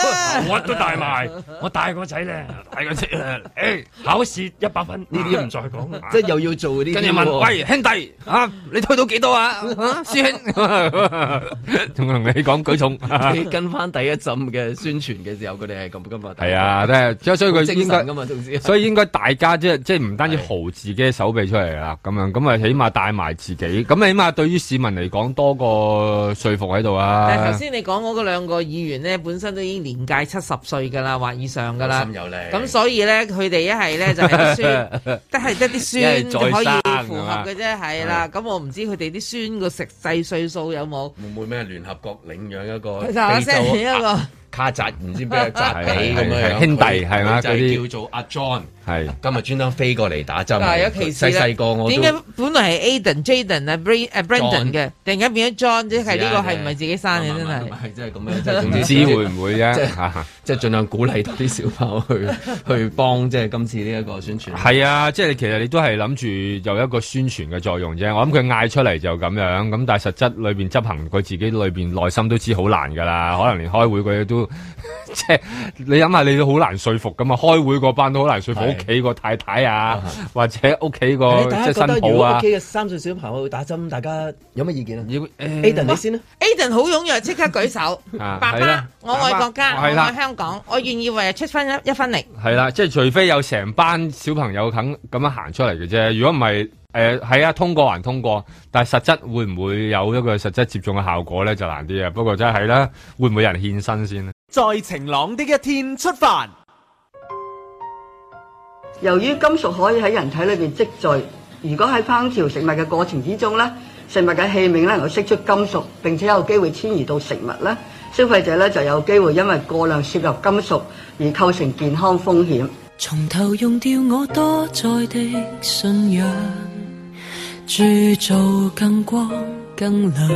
屈都大埋。我大個仔咧，大個仔咧，誒，考試一百分，呢啲唔再講，即係又要做嗰啲。跟住問，喂，兄弟，啊，你推到幾多啊？師兄，同同你講舉重，跟翻第一陣嘅宣傳嘅時候，佢哋係咁噶嘛？係啊，即係，所以佢應該，所以應該大家即係即係唔單止豪自己嘅手臂出嚟啦，咁樣咁啊，起碼帶埋自己，咁起碼對於市民嚟講。多個説服喺度啊！但係頭先你講嗰個兩個議員咧，本身都已經年屆七十歲㗎啦，或以上㗎啦。心有力咁，所以咧，佢哋一係咧就係啲孫，即係得啲孫可以符合嘅啫，係啦。咁我唔知佢哋啲孫個實際歲數有冇，會唔會咩聯合國領養一個？就阿星軒一個。卡扎唔知咩扎咁樣兄弟係嘛？嗰啲叫做阿 John 係今日專登飛過嚟打針。細細個我點解？本來係 Aiden、Jaden、阿 Brendan 嘅，突然間變咗 John，即係呢個係唔係自己生嘅真係？唔係即係咁樣，即係總之會唔會啫？即係盡量鼓勵多啲小朋友去去幫即係今次呢一個宣傳。係啊，即係其實你都係諗住有一個宣傳嘅作用啫。我諗佢嗌出嚟就咁樣，咁但係實質裏邊執行佢自己裏邊內心都知好難㗎啦。可能連開會啲都～即係你諗下，你，想想你都好難說服噶嘛？開會個班都好難說服，屋企個太太啊，的或者屋企個即係新抱啊，屋企嘅三歲小朋友打針，大家有乜意見啊？要、呃、Aiden 你先啦，Aiden 好踴躍，即刻舉手。 (laughs) 啊、爸爸，的我愛國家，爸爸我愛香港，我願意為出分一一分力。係啦，即、就、係、是、除非有成班小朋友肯咁樣行出嚟嘅啫，如果唔係。誒，係、呃、啊，通過還通過，但係實質會唔會有一個實質接種嘅效果咧，就難啲啊。不過真係啦、啊，會唔會有人獻身先咧？在晴朗一點的一天出發。由於金屬可以喺人體裏邊積聚，如果喺烹調食物嘅過程之中咧，食物嘅器皿咧，能夠釋出金屬，並且有機會遷移到食物咧，消費者咧就有機會因為過量攝入金屬而構成健康風險。從頭用掉我多在的信仰。製造更光更亮。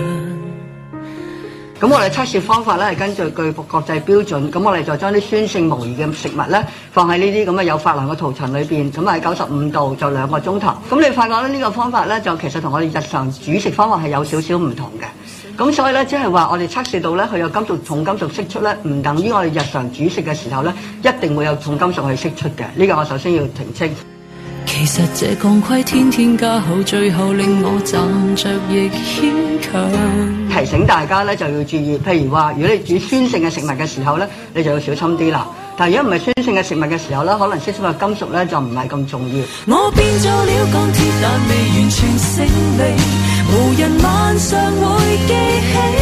咁我哋測試方法咧係根據據國際標準，咁我哋就將啲酸性模擬嘅食物咧放喺呢啲咁嘅有珐琅嘅塗層裏邊，咁啊喺九十五度就兩個鐘頭。咁你發覺咧呢、這個方法咧就其實同我哋日常煮食方法係有少少唔同嘅。咁所以咧即係話我哋測試到咧佢有金屬重金屬釋出咧，唔等於我哋日常煮食嘅時候咧一定會有重金屬去釋出嘅。呢、這個我首先要澄清。其實這鋼盔天天加好，最後令我站着亦牽強，提醒大家呢，就要注意，譬如話如果你煮酸性嘅食物嘅時候呢，你就要小心啲啦。但如果唔係酸性嘅食物嘅時候呢，可能吸收嘅金屬呢，就唔係咁重要。我變做了鋼鐵，但未完全勝利，無人晚上會記起。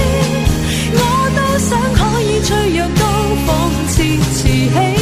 我都想可以脆弱到仿似瓷器。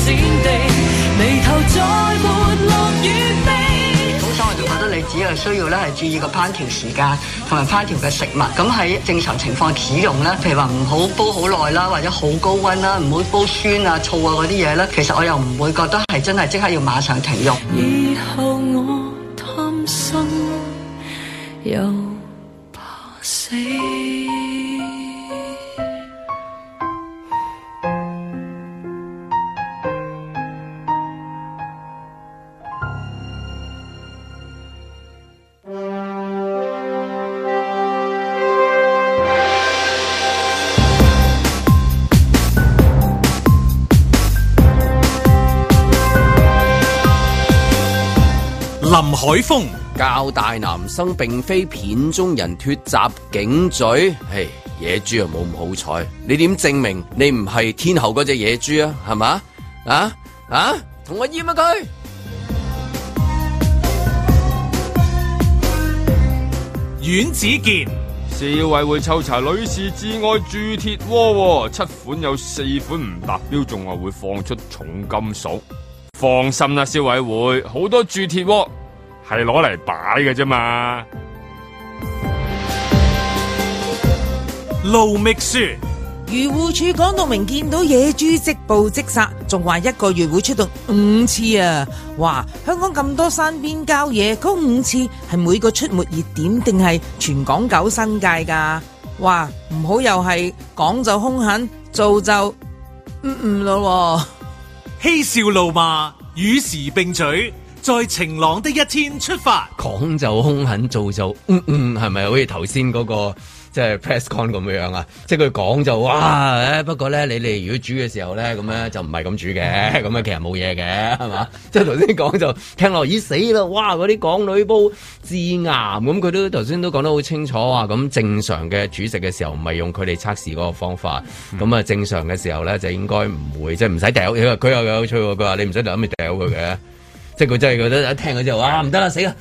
離頭再沒落雨飛。好想、嗯，我就覺得你只係需要咧係注意個烹調時間同埋烹調嘅食物。咁喺正常情況使用咧，譬如話唔好煲好耐啦，或者好高溫啦，唔好煲酸啊、醋啊嗰啲嘢咧。其實我又唔會覺得係真係即刻要馬上停用。林海峰教大男生並非片中人脫襲警罪，嘿野豬又冇咁好彩，你點證明你唔係天后嗰隻野豬啊？係嘛？啊啊，同我閹啊佢！阮子健，消委會抽查女士至愛鑄鐵鍋，七款有四款唔達標，仲話會放出重金屬。放心啦，消委會好多鑄鐵鍋。係攞嚟擺嘅啫嘛，盧秘書漁護。漁護署講到明見到野豬即捕即殺，仲話一個月會出動五次啊！哇，香港咁多山邊郊野，嗰五次係每個出沒熱點定係全港九新界噶？哇，唔好又係講就兇狠，做就唔唔咯？嬉、嗯嗯啊、笑怒罵，與時並取。在晴朗的一天出發，講就兇狠做就，嗯嗯，係咪好似頭先嗰個即係 press con 咁樣啊？即係佢講就哇，誒，不過咧，你哋如果煮嘅時候咧，咁咧就唔係咁煮嘅，咁啊，其實冇嘢嘅，係嘛？即係頭先講就，就聽落已死啦，哇！嗰啲港女煲致癌，咁佢都頭先都講得好清楚啊！咁正常嘅煮食嘅時候唔係用佢哋測試嗰個方法，咁啊、嗯，正常嘅時候咧就應該唔會，即係唔使掉。佢佢又有趣，佢話你唔使諗，咪掉佢嘅。 (laughs) 即係我真係覺得一聽，佢就話唔得啦死啦！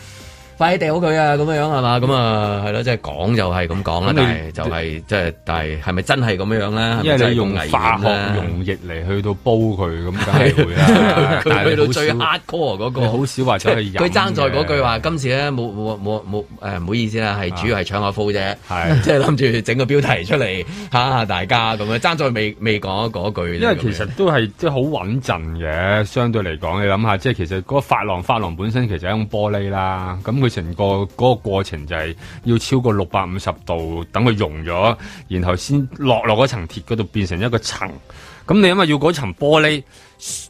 快掉佢啊！咁樣樣係嘛？咁啊，係、就、咯、是，即係講就係咁講啦。但係就係即係，但係係咪真係咁樣樣咧？因為你用化學溶液嚟去到煲佢，咁梗係會佢、啊、 (laughs) 去到最 hard core 嗰、那個，好少話出佢爭在嗰句話，今次咧冇冇冇冇誒，唔好意思啦，係主要係搶下 f 啫，即係諗住整個標題出嚟嚇下大家咁樣。爭在未未講嗰句。因為其實都係即係好穩陣嘅，相對嚟講，你諗下，即係其實嗰個發廊發廊本身其實係用玻璃啦，咁成個嗰個過程就係要超過六百五十度，等佢溶咗，然後先落落嗰層鐵嗰度變成一個層。咁你因為要嗰層玻璃。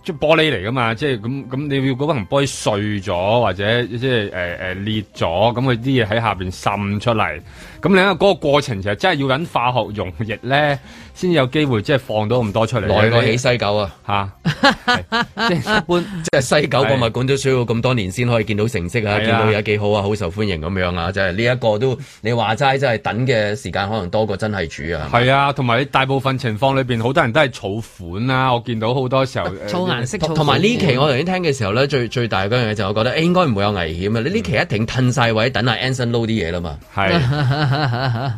即玻璃嚟噶嘛，即係咁咁你要嗰個玻璃碎咗或者即係誒誒裂咗，咁佢啲嘢喺下邊滲出嚟，咁你一個嗰個過程其實真係要搵化學溶液咧，先有機會即係放到咁多出嚟。內起西九啊，吓，即係一般，即係 (laughs) 西九博物館都需要咁多年先可以見到成績啊，啊見到嘢幾好啊，好受歡迎咁樣啊，即係呢一個都你話齋，真係等嘅時間可能多過真係煮啊。係啊，同埋吧大部分情況裏邊好多人都係儲款啊。我見到好多時候。 (laughs) 顏色，同埋呢期我頭先聽嘅時候咧，最最大嗰樣嘢就係我覺得，欸、應該唔會有危險啊！你呢期一定褪晒位，等下 Anson Lo 啲嘢啦嘛。係，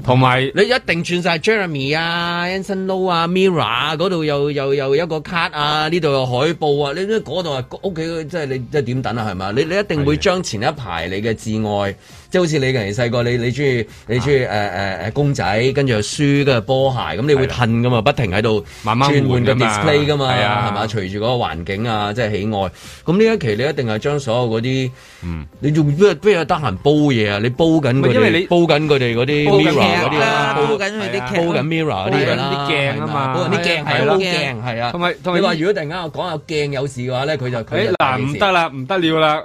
同埋、嗯、你一定轉晒 Jeremy 啊 (music) ，Anson Lo 啊，Mira 嗰度又又又一個 cut 啊，呢度有海報啊，你嗰度啊屋企即係你即係點等啊係嘛？你你一定會將前一排你嘅摯愛。即係好似你以前細個，你你中意你中意誒誒誒公仔，跟住又書嘅波鞋，咁你會褪噶嘛？不停喺度慢慢換個 display 噶嘛？係啊，係嘛？隨住嗰個環境啊，即係喜愛。咁呢一期你一定係將所有嗰啲，你用，邊邊得閒煲嘢啊？你煲緊佢，因為你煲緊佢哋嗰啲鏡啊，煲緊佢啲煲緊 mirror 嗰啲鏡啊嘛，煲啲鏡係啦，煲鏡係啊。同埋同埋，你話如果突然間我講下鏡有事嘅話咧，佢就誒嗱唔得啦，唔得了啦，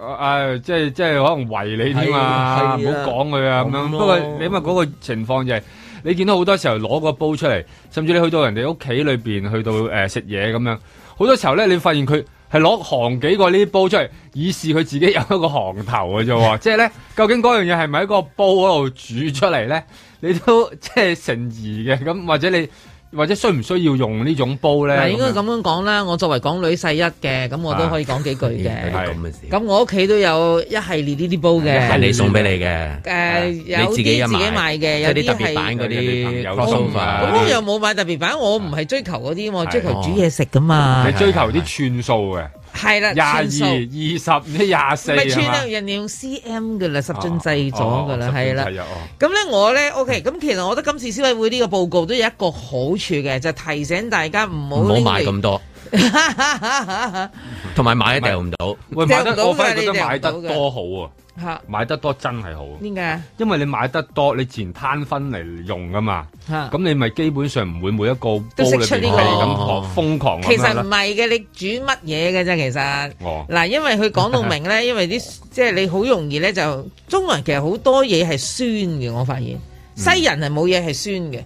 誒即係即係可能圍你添啊！唔好講佢啊咁樣，啊，不過你因為嗰個情況就係，你見到好多時候攞個煲出嚟，甚至你去到人哋屋企裏面去到誒食嘢咁樣，好多時候咧你發現佢係攞行幾個呢啲煲出嚟，以示佢自己有一個行頭㗎啫喎。即係咧，究竟嗰樣嘢係咪喺個煲嗰度煮出嚟咧？你都即係成疑嘅咁，或者你。或者需唔需要用呢種煲咧？嗱，應該咁樣講啦。我作為港女細一嘅，咁我都可以講幾句嘅。咁我屋企都有一系列呢啲煲嘅。係你送俾你嘅。誒，有自己自己買嘅，有啲特別版嗰啲。有送份。我又冇買特別版，我唔係追求嗰啲，我追求煮嘢食噶嘛。你追求啲串數嘅。係啦，廿二、二十、廿四，唔係寸量，人哋用 CM 噶啦，十樽制咗噶啦，係啦。咁咧，我咧，OK，咁其實我覺得今次消委會呢個報告都有一個好處嘅，就提醒大家唔好唔好買咁多，同埋買都用唔到。喂，買得我反而覺得買得多好啊！買買得多真係好，點解？因為你買得多，你自然攤分嚟用噶嘛。咁、啊、你咪基本上唔會每一個煲出呢係咁瘋狂。哦哦哦哦、其實唔係嘅，你煮乜嘢嘅啫？其實，嗱，因為佢講到明咧， (laughs) 因為啲即係你好容易咧就，中國人其實好多嘢係酸嘅，我發現西人係冇嘢係酸嘅。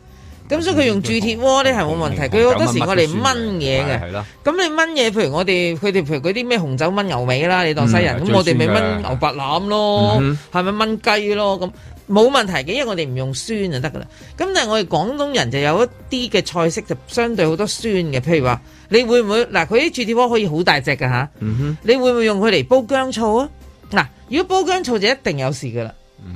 咁、嗯、所以佢用鑄鐵鍋咧係冇問題，佢好多、嗯嗯嗯嗯、時我哋炆嘢嘅，咁、嗯嗯、你炆嘢，譬如我哋佢哋譬如嗰啲咩紅酒炆牛尾啦，你當西人，咁、嗯、我哋咪炆牛白腩咯，係咪炆雞咯，咁冇問題嘅，因為我哋唔用酸就得噶啦。咁但係我哋廣東人就有一啲嘅菜式就相對好多酸嘅，譬如話你會唔會，嗱，佢啲鑄鐵鍋可以好大隻噶吓，你會唔會，啊嗯、哼會、會用佢嚟煲姜醋啊？嗱，如果煲姜醋就一定有事噶啦。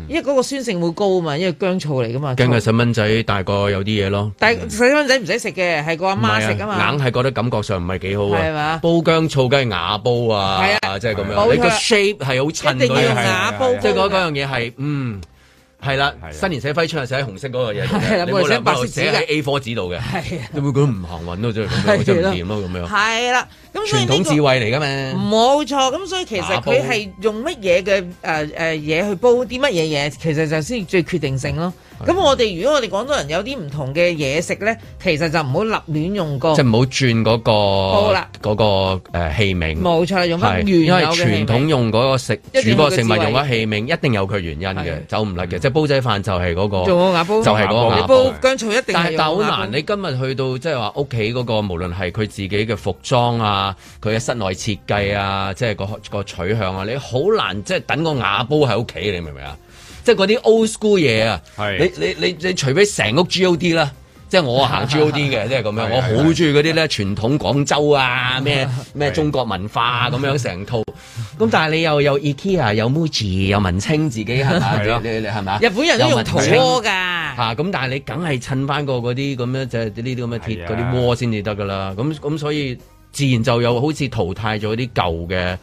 因為嗰個酸性會高嘛，因為薑醋嚟噶嘛，驚係細蚊仔大個有啲嘢咯。但係細蚊仔唔使食嘅，係個阿媽食噶嘛，硬係、啊、覺得感覺上唔係幾好啊。係嘛吧，煲薑醋梗係瓦煲啊，係啊，即係咁樣，啊、你個 shape 係好襯，一定要用瓦煲係，即係嗰嗰樣嘢係嗯。係啦，新年寫揮春寫喺紅色嗰個嘢，寫白色寫喺 A 貨紙度嘅，你會唔會唔行運都即係咁樣，掂咯咁樣。係啦，咁所以呢個傳統智慧嚟噶嘛。冇錯，咁所以其實佢係用乜嘢嘅誒誒嘢去煲啲乜嘢嘢，其實就先最決定性咯。咁我哋如果我哋廣東人有啲唔同嘅嘢食咧，其實就唔好立亂用個，即係唔好轉嗰個，冇啦，嗰個器皿，冇錯，用翻原，因為傳統用嗰個食煮個食物用個器皿，一定有佢原因嘅，走唔甩嘅。即係煲仔飯就係嗰個，就係嗰個瓦煲，薑醋一定係。但係好難，你今日去到即係話屋企嗰個，無論係佢自己嘅服裝啊，佢嘅室內設計啊，即係個個取向啊，你好難即係等個瓦煲喺屋企，你明唔明啊？即係嗰啲 old school 嘢啊！你你你你除非成屋 G O D 啦，即係我行 G O D 嘅，即係咁樣。我好中意嗰啲咧傳統廣州啊，咩咩中國文化咁樣成套。咁但係你又有 IKEA 有 MUJI 又文青自己係嘛？你日本人都用土鍋㗎。嚇！咁但係你梗係襯翻個嗰啲咁樣即係呢啲咁嘅鐵嗰啲鍋先至得㗎啦。咁咁所以自然就有好似淘汰咗啲舊嘅。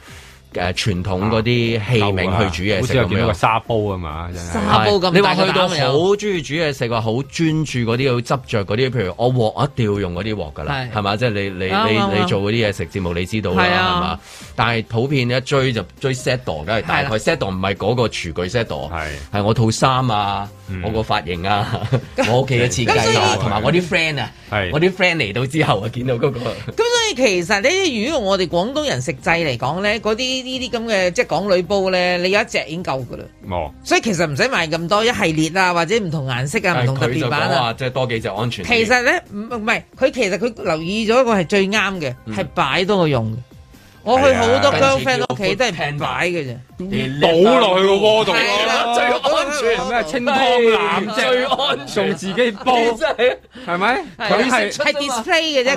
誒傳統嗰啲器皿去煮嘢食，好似叫一個沙煲啊嘛，沙煲。咁你話去到好中意煮嘢食，話好專注嗰啲，好執着嗰啲，譬如我鑊，一定要用嗰啲鑊噶啦，係嘛？即係你你你你做嗰啲嘢食節目，你知道啦，係嘛？但係普遍一追就追 set do 係啦，set d 唔係嗰個廚具 set d 係我套衫啊，我個髮型啊，我屋企嘅設計啊，同埋我啲 friend 啊，我啲 friend 嚟到之後啊，見到嗰個。咁所以其實呢啲如果我哋廣東人食制嚟講咧，嗰啲。呢啲咁嘅即係港女煲咧，你有一隻已經夠㗎喇，冇，oh. 所以其實唔使買咁多一系列啊，或者唔同顏色啊，唔、欸、同特別版啊。即係多幾隻安全。其實咧唔唔係，佢其實佢留意咗一個係最啱嘅，係擺多個用嘅。我去好多 girlfriend 屋企都係平擺嘅啫。倒落去個鍋度咯，最安全。咩清湯腩？最安全，用自己煲。真係，係咪？佢係係 display 嘅啫，嗰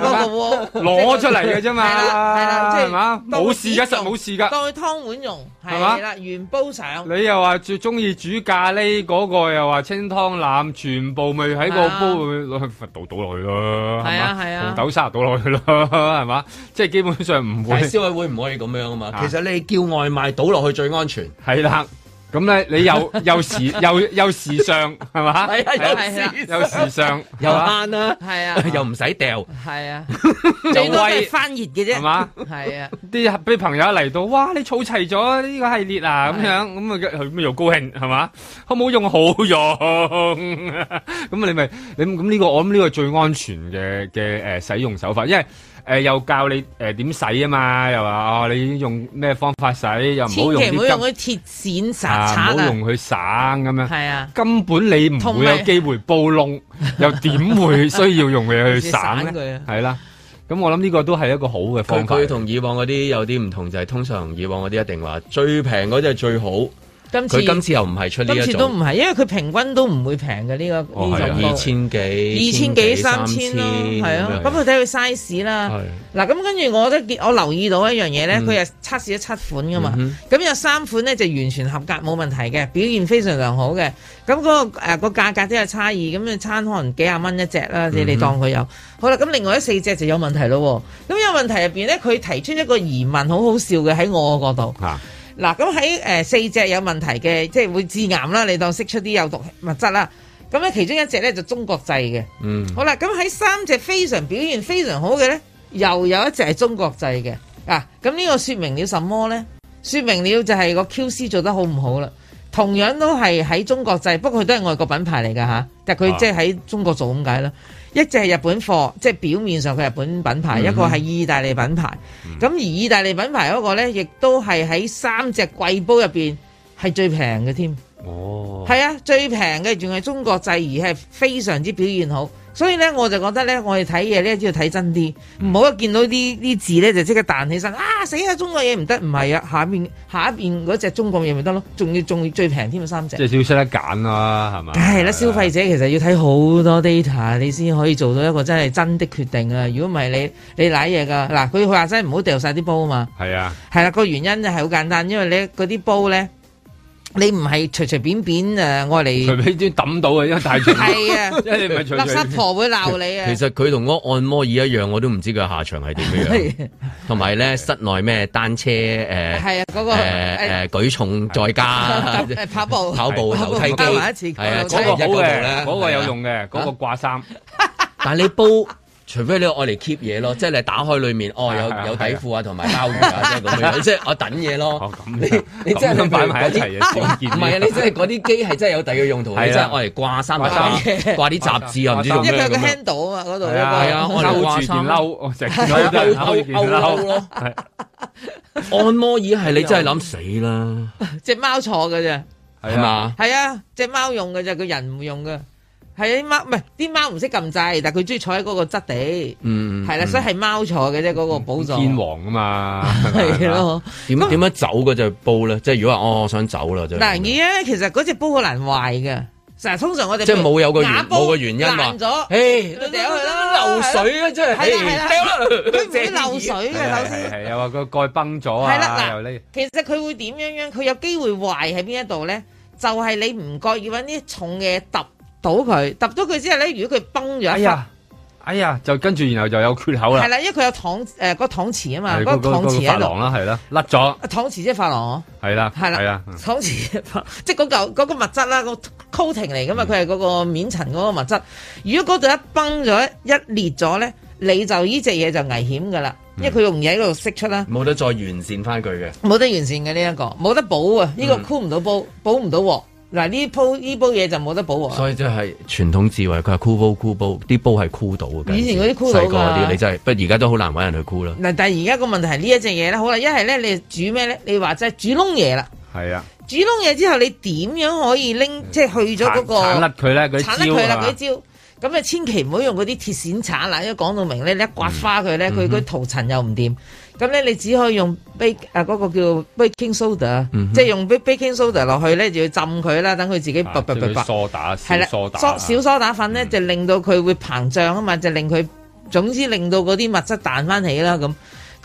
個鍋攞出嚟嘅啫嘛。係啦，係啦，係嘛？冇事，一實冇事㗎。當佢湯碗用，係嘛？係啦，原煲上。你又話最中意煮咖喱嗰個，又話清湯腩，全部咪喺個煲度倒倒落去咯，係嘛？紅豆沙倒落去咯，係嘛？即係基本上唔會。係消委會唔可以咁樣啊嘛？其實你叫外賣倒落去最安。安全係啦，咁咧你又又時又又時尚，係嘛？係啊，又時尚又慳啦，係啊，又唔使掉，係啊，最多係翻熱嘅啫，係嘛？係啊，啲俾朋友嚟到，哇！你儲齊咗呢個系列啊，咁樣咁啊，佢咩又高興，係嘛？好唔好用啊？好用，咁啊，你咪你咁呢個，我諗呢個最安全嘅嘅誒使用手法，因為。誒、呃，又教你誒點洗啊嘛，又話、哦、你用咩方法洗，又唔好用啲鐵線、殺唔好用去省咁樣。係啊，根本你唔會有機會煲窿，啊、又點會需要用佢去省咧？係 (laughs) 啦，咁我諗呢個都係一個好嘅方法。佢同以往嗰啲有啲唔同就係、是，通常以往嗰啲一定話最平嗰啲係最好。佢今次又唔係出呢一種，今次都唔係，因為佢平均都唔會平嘅呢個呢種。二千幾，二千幾三千咯，係啊。咁佢睇佢 size 啦。嗱咁跟住，我都我留意到一樣嘢咧，佢係測試咗七款嘅嘛。咁有三款咧就完全合格冇問題嘅，表現非常良好嘅。咁個個誒個價格都有差異，咁啊差可能幾廿蚊一隻啦，你當佢有。好啦，咁另外一四隻就有問題咯。咁有問題入邊咧，佢提出一個疑問好好笑嘅喺我個角度。嗱，咁喺、啊呃、四隻有問題嘅，即係會致癌啦，你當釋出啲有毒物質啦。咁咧其中一隻咧就中國製嘅，嗯，好啦，咁喺三隻非常表現非常好嘅咧，又有一隻係中國製嘅，嗱、啊，咁呢個說明了什麼咧？說明了就係個 QC 做得好唔好啦。同樣都係喺中國製，不過佢都係外國品牌嚟㗎吓，但係佢即係喺中國做咁解咯。啊、一隻係日本貨，即、就、係、是、表面上佢係日本品牌，嗯、哼一個係意大利品牌。咁、嗯、而意大利品牌嗰個咧，亦都係喺三隻貴煲入邊係最平嘅添。哦，係啊，最平嘅仲係中國製，而係非常之表現好。所以咧，我就覺得咧，我哋睇嘢咧，只要睇真啲，唔好一見到啲啲字咧就即刻彈起身，啊死啊！中國嘢唔得，唔係啊，下面下一邊嗰隻中國嘢咪得咯，仲要仲要最平添嘅三隻，即係要識得揀啦，係嘛？係啦，消費者其實要睇好多 data，你先可以做到一個真係真的決定啊！如果唔係你你瀨嘢㗎，嗱佢佢話真係唔好掉晒啲煲啊嘛，係啊的，係啦個原因就係好簡單，因為你嗰啲煲咧。你唔係隨隨便便我愛嚟，隨便啲抌到啊！因為大廚，係啊，因為你唔係隨隨便便。垃圾婆會鬧你啊！其實佢同個按摩椅一樣，我都唔知佢下場係點樣。同埋咧，室內咩單車誒，係啊，舉重再加跑步，跑步樓梯機，係啊，嗰個好嘅，嗰個有用嘅，嗰個掛衫。但你煲。除非你愛嚟 keep 嘢咯，即係你打開裏面，哦有有底褲啊，同埋鮑魚啊，即係咁樣，即係我等嘢咯。哦，咁你你即係擺埋一齊嘢，唔唔係啊！你即係嗰啲機係真係有第二個用途嘅，真係愛嚟掛衫頭掛啲雜誌啊，唔知點樣個一個 handle 啊，嗰度收住件褸，成日收住件褸咯。按摩椅係你真係諗死啦！隻貓坐㗎啫，係嘛？係啊，隻貓用嘅啫，個人唔用㗎。係啲貓唔係，啲貓唔識撳掣，但係佢中意坐喺嗰個質地。係啦，所以係貓坐嘅啫。嗰個寶座天王啊嘛，係咯。點點樣走嗰隻煲咧？即係如果話我想走啦，就。係嗱。而家其實嗰隻煲好難壞嘅，成日通常我哋即係冇有個冇個原因話，誒，漏水啊，即係誒，掉漏水嘅首先係啊，個蓋崩咗啊，又其實佢會點樣樣？佢有機會壞喺邊一度咧？就係你唔覺意揾啲重嘅揼。到佢揼咗佢之後咧，如果佢崩咗，哎呀，哎呀，就跟住然後就有缺口啦。係啦，因為佢有搪誒嗰搪瓷啊嘛，嗰搪瓷喺度啦，係啦，甩咗搪瓷即係琺瑯哦，係啦，係啦，搪瓷即係嗰嚿個物質啦，個 coating 嚟噶嘛，佢係嗰個面層嗰個物質。如果嗰度一崩咗一裂咗咧，你就呢隻嘢就危險噶啦，因為佢容易喺度釋出啦。冇得再完善翻佢嘅，冇得完善嘅呢一個，冇得補啊，呢個箍唔到煲，補唔到鑊。嗱呢煲呢煲嘢就冇得補喎，所以即係傳統智慧，佢話箍煲箍煲，啲煲係箍到嘅。以前嗰啲箍佬細個嗰啲，啊、你真係不過而家都好難搵人去箍啦。嗱，但係而家個問題係呢一隻嘢咧，好啦，一係咧你煮咩咧？你話即係煮窿嘢啦，係啊，煮窿嘢之後你點樣可以拎即係去咗嗰、嗰個？鏟甩佢咧，佢。鏟甩佢啦，佢招。吧咁啊，千祈唔好用嗰啲鐵線鏟啦，因為講到明咧，你一刮花佢咧，佢嗰塗層又唔掂。咁咧、嗯哼，你只可以用 baking 啊嗰、嗰個叫 baking soda，即係、嗯、哼用 baking soda 落去咧，就要浸佢啦，等佢自己白白、啊就係、打，啦，蘇的小蘇打、啊、打粉咧，就令到佢會膨脹啊嘛，嗯、就令佢總之令到嗰啲物質彈翻起啦咁。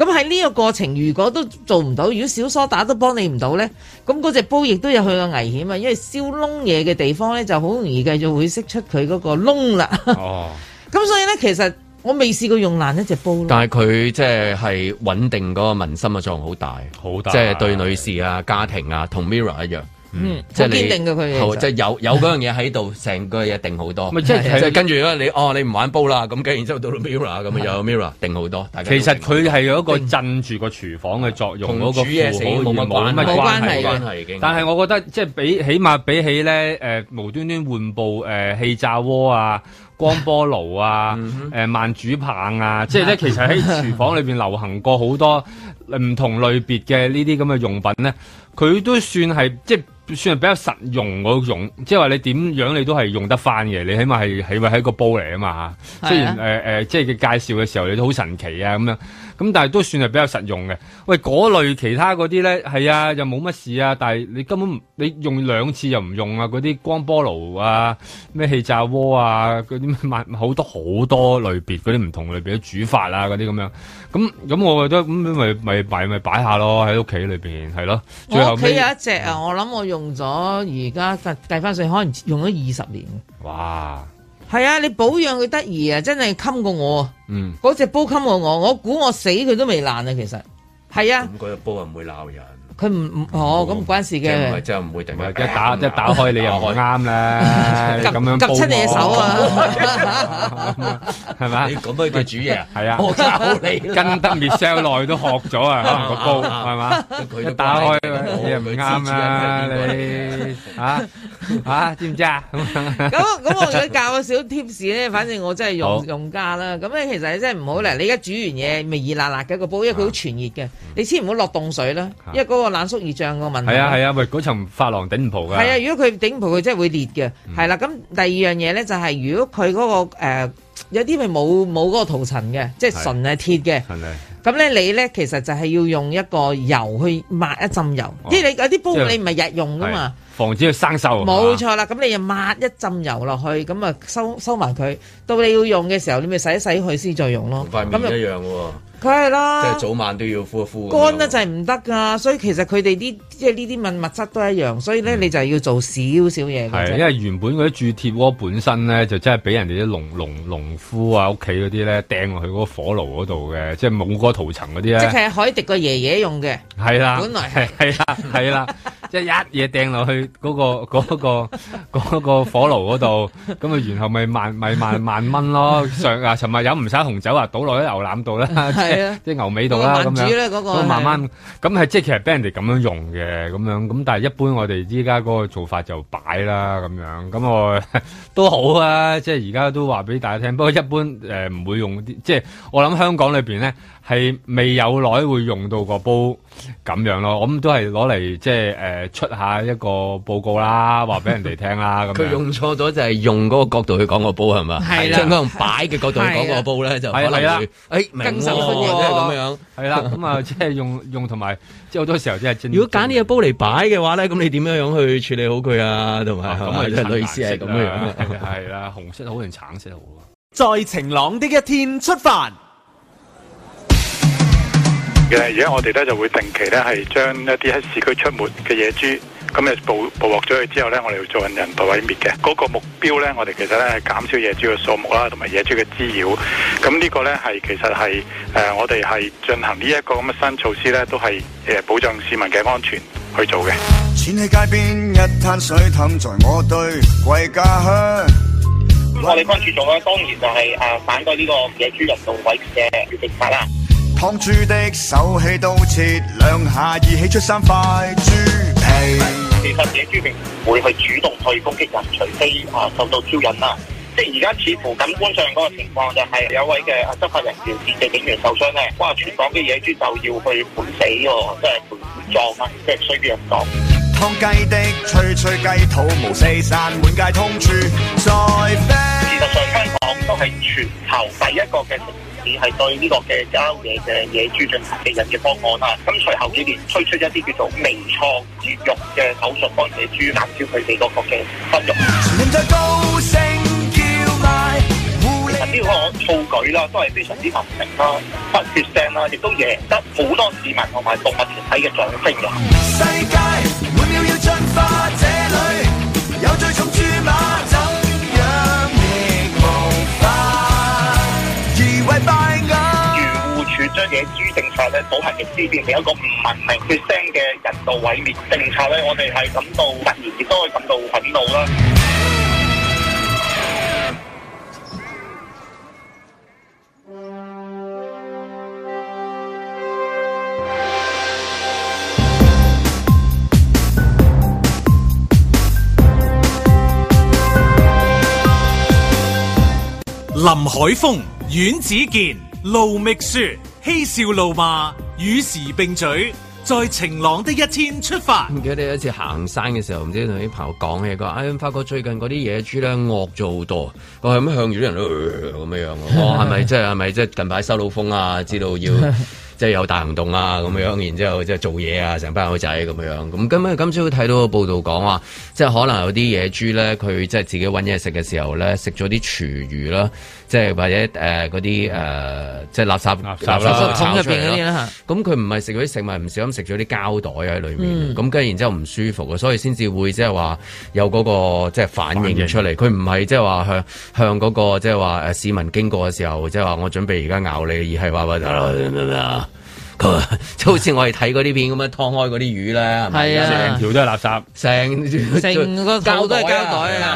咁喺呢個過程，如果都做唔到，如果小梳打都幫你唔到呢，咁嗰隻煲亦都有佢嘅危險啊！因為燒窿嘢嘅地方呢，就好容易繼續會釋出佢嗰個窿啦。哦，咁所以呢，其實我未試過用爛一隻煲。但係佢即係穩定嗰個民心嘅作用好大，好大，即係對女士啊、家庭啊，同 Mirror 一樣。嗯，好堅定嘅佢，即係有有嗰樣嘢喺度，成個嘢定好多。即係即係跟住咧，你哦，你唔玩煲啦，咁跟住然之後到咗 mirror 咁又有 mirror 定好多。其實佢係有一個鎮住個廚房嘅作用，嗰個煮嘢死冇乜關係嘅。但係我覺得即係比起碼比起咧誒，無端端換部誒氣炸鍋啊、光波爐啊、誒慢煮棒啊，即係咧其實喺廚房裏面流行過好多唔同類別嘅呢啲咁嘅用品咧，佢都算係即係。算係比較實用嗰種，即係話你點樣你都係用得翻嘅，你起碼係起碼係一個煲嚟啊嘛？是啊雖然，誒、呃呃、即係佢介紹嘅時候，你都好神奇啊咁樣咁但係都算係比較實用嘅。喂，嗰類其他嗰啲咧，係啊，又冇乜事啊。但係你根本你用兩次又唔用啊。嗰啲光波爐啊，咩氣炸鍋啊，嗰啲咪好多好多類別嗰啲唔同類別嘅煮法啊，嗰啲咁樣。咁咁我覺得咁咪咪擺咪擺下咯，喺屋企裏邊係咯。我屋企有一隻啊，嗯、我諗我用咗而家計計翻數，可能用咗二十年。哇！係啊，你保養佢得意啊，真係襟過我。嗯，嗰隻煲襟過我，我估我死佢都未爛啊。其實係啊，咁嗰隻煲啊唔會鬧人。佢唔哦，咁唔關事嘅。即係唔真唔會突然間一打一打開你又唔啱啦，夾夾親你隻手啊，係嘛？你講多句主嘢啊，係啊，我教你跟得 Michelle 耐都學咗啊，可能個煲係嘛？一打開又唔啱啊。你吓？吓，知唔知啊？咁咁， (laughs) 我想教個小 tips 咧。反正我真係用好用家啦。咁咧，其實你真係唔好嚟，你而家煮完嘢，咪熱辣辣嘅個煲，因為佢好傳熱嘅。你千唔好落凍水啦，因為嗰個冷縮熱脹個問題。係啊係啊，喂、啊，嗰層、啊、發廊頂唔蒲噶。係啊，如果佢頂唔蒲，佢真係會裂嘅。係啦、嗯，咁、啊、第二樣嘢咧就係、是，如果佢嗰、嗰個誒。呃有啲咪冇冇嗰個塗層嘅，即係純係鐵嘅。咁咧的，你咧其實就係要用一個油去抹一浸油。即係你有啲煲你唔係日用噶嘛，防止佢生鏽。冇錯啦，咁吧你就抹一浸油落去，咁啊收收埋佢。到你要用嘅時候，你咪洗一洗佢先再用咯。咁又一樣喎、哦，佢係、就是、啦。即係早晚都要敷一敷，乾得就係唔得㗎。所以其實佢哋啲即係呢啲物物質都一樣，所以咧、嗯、你就要做少少嘢。係，因為原本嗰啲鑄鐵鍋本身咧，就真係俾人哋啲農農農夫啊屋企嗰啲咧掟落去嗰個火爐嗰度嘅，就是、即係冇嗰個塗層嗰啲咧。即係海迪個爺爺用嘅，係啦的，本來係係啦係啦。 (laughs) 即一嘢掟落去嗰個嗰個嗰個火爐嗰度，咁啊，然後咪慢咪慢慢燜咯。上啊，尋日飲唔晒紅酒啊，倒落啲牛腩度啦，即牛尾度啦咁樣。嗰個慢慢咁係即其實俾人哋咁樣用嘅咁樣，咁但係一般我哋依家嗰個做法就擺啦咁樣，咁我都好啊。即而家都話俾大家聽，不過一般誒唔會用啲，即我諗香港裏邊咧。係未有耐會用到個煲咁樣咯，咁都係攞嚟即係誒、呃、出一下一個報告啦，話俾人哋聽啦。咁佢 (laughs) 用錯咗就係用嗰個角度去講個煲係嘛，啦啊、即係用擺嘅角度去講個煲咧就可能誒唔係咁樣。係 (laughs) 啦、啊，咁、嗯、啊即係用用同埋即係好多時候即係真。 (laughs) 如果揀呢個煲嚟擺嘅話咧，咁你點樣樣去處理好佢啊？同埋即係類似係咁樣樣。係 (laughs) 啦、啊啊啊，紅色好定橙色好啊？在 (laughs) 晴朗一的一天出發。而家我哋咧就會定期咧係將一啲喺市區出沒嘅野豬，咁啊捕捕獲咗佢之後咧，我哋會進行人道毀滅嘅。嗰個目標咧，我哋其實咧係減少野豬嘅數目啦，同埋野豬嘅滋擾。咁呢個咧係其實係誒，我哋係進行呢一個咁嘅新措施咧，都係誒保障市民嘅安全去做嘅。錢喺街邊一灘水，氹在我對貴家鄉。我哋關注做啦。當然就係誒反對呢個野豬人道毀滅嘅立法啦。劏豬的手起刀切兩下，二起出三塊豬皮。其實，野豬並唔會去主動去攻擊人，除非啊受到挑釁啦。即係而家似乎感官上嗰個情況就係有一位嘅執法人員、警員受傷咧。哇！全港嘅野豬就要去判死喎，即係陪葬啦，即係衰啲人講。劏雞的，脆脆雞肚毛四散，滿街通處再飛。事實上，香港都係全球第一個嘅。係對呢個嘅郊野嘅野豬進行嘅人嘅方案啦，咁隨後幾年推出一啲叫做微創絕育嘅手術，幫野豬減少佢哋嗰個嘅繁殖。啊、其實呢個創舉啦，都係非常之文明啦，不血腥啦，亦都贏得好多市民同埋動物團體嘅掌聲嘅。世界將野豬政策咧，倒行逆施，變成一個唔文明、血腥嘅人道毀滅政策咧。我哋係感到突然亦都會感到憤怒啦！林海峰、阮子健、盧覓雪。嬉笑怒罵，與時並進。在晴朗的一天出發。唔記得有一次行山嘅時候，唔知同啲朋友講起，佢話說，哎，發覺最近嗰啲野豬咧惡咗好多，佢係咪向住啲人都咁，呃、樣樣。我係咪即係係咪即係近排收到風啊？知道要即係、就是、有大行動啊？咁樣，然之後即係做嘢啊，成班好仔咁樣。咁今日今朝睇到個報道講話，即、就、係、是、可能有啲野豬咧，佢即係自己揾嘢食嘅時候咧，食咗啲廚餘啦。即係或者誒嗰啲誒，即係垃圾垃圾桶入邊嗰啲啦。咁佢唔係食嗰啲食物，唔小心食咗啲膠袋喺裏面。咁跟住然之後唔舒服嘅，所以先至會即係話有嗰個即係反應出嚟。佢唔係即係話向向嗰個即係話誒市民經過嘅時候，即係話我準備而家咬你，而係話。即好似我哋睇嗰啲片咁樣，劏開嗰啲魚啦，係咪？成條、啊、都係垃圾，成成膠都係膠袋啊，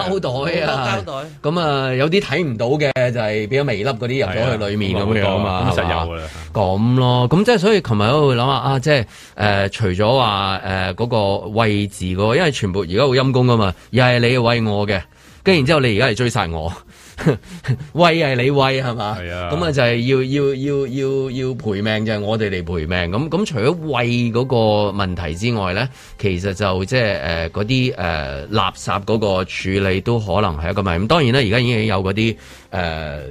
膠袋啊，膠袋。咁啊，有啲睇唔到嘅就係變咗微粒嗰啲入咗去裏面咁樣啊嘛，咁實有啦。咁咯，咁即係所以想想，琴日我會諗下啊，即係誒、呃，除咗話誒嗰個位置嗰，因為全部而家好陰功噶嘛，又係你餵我嘅，跟住然之後你而家係追殺我。嗯 (laughs) 餵係 (laughs) 你餵係嘛，咁是啊就係要要要要要賠命，就係我哋嚟賠命咁。咁除咗餵嗰個問題之外咧，其實就即係誒嗰啲誒垃圾嗰個處理都可能係一個問題。咁當然啦，而家已經有嗰啲誒誒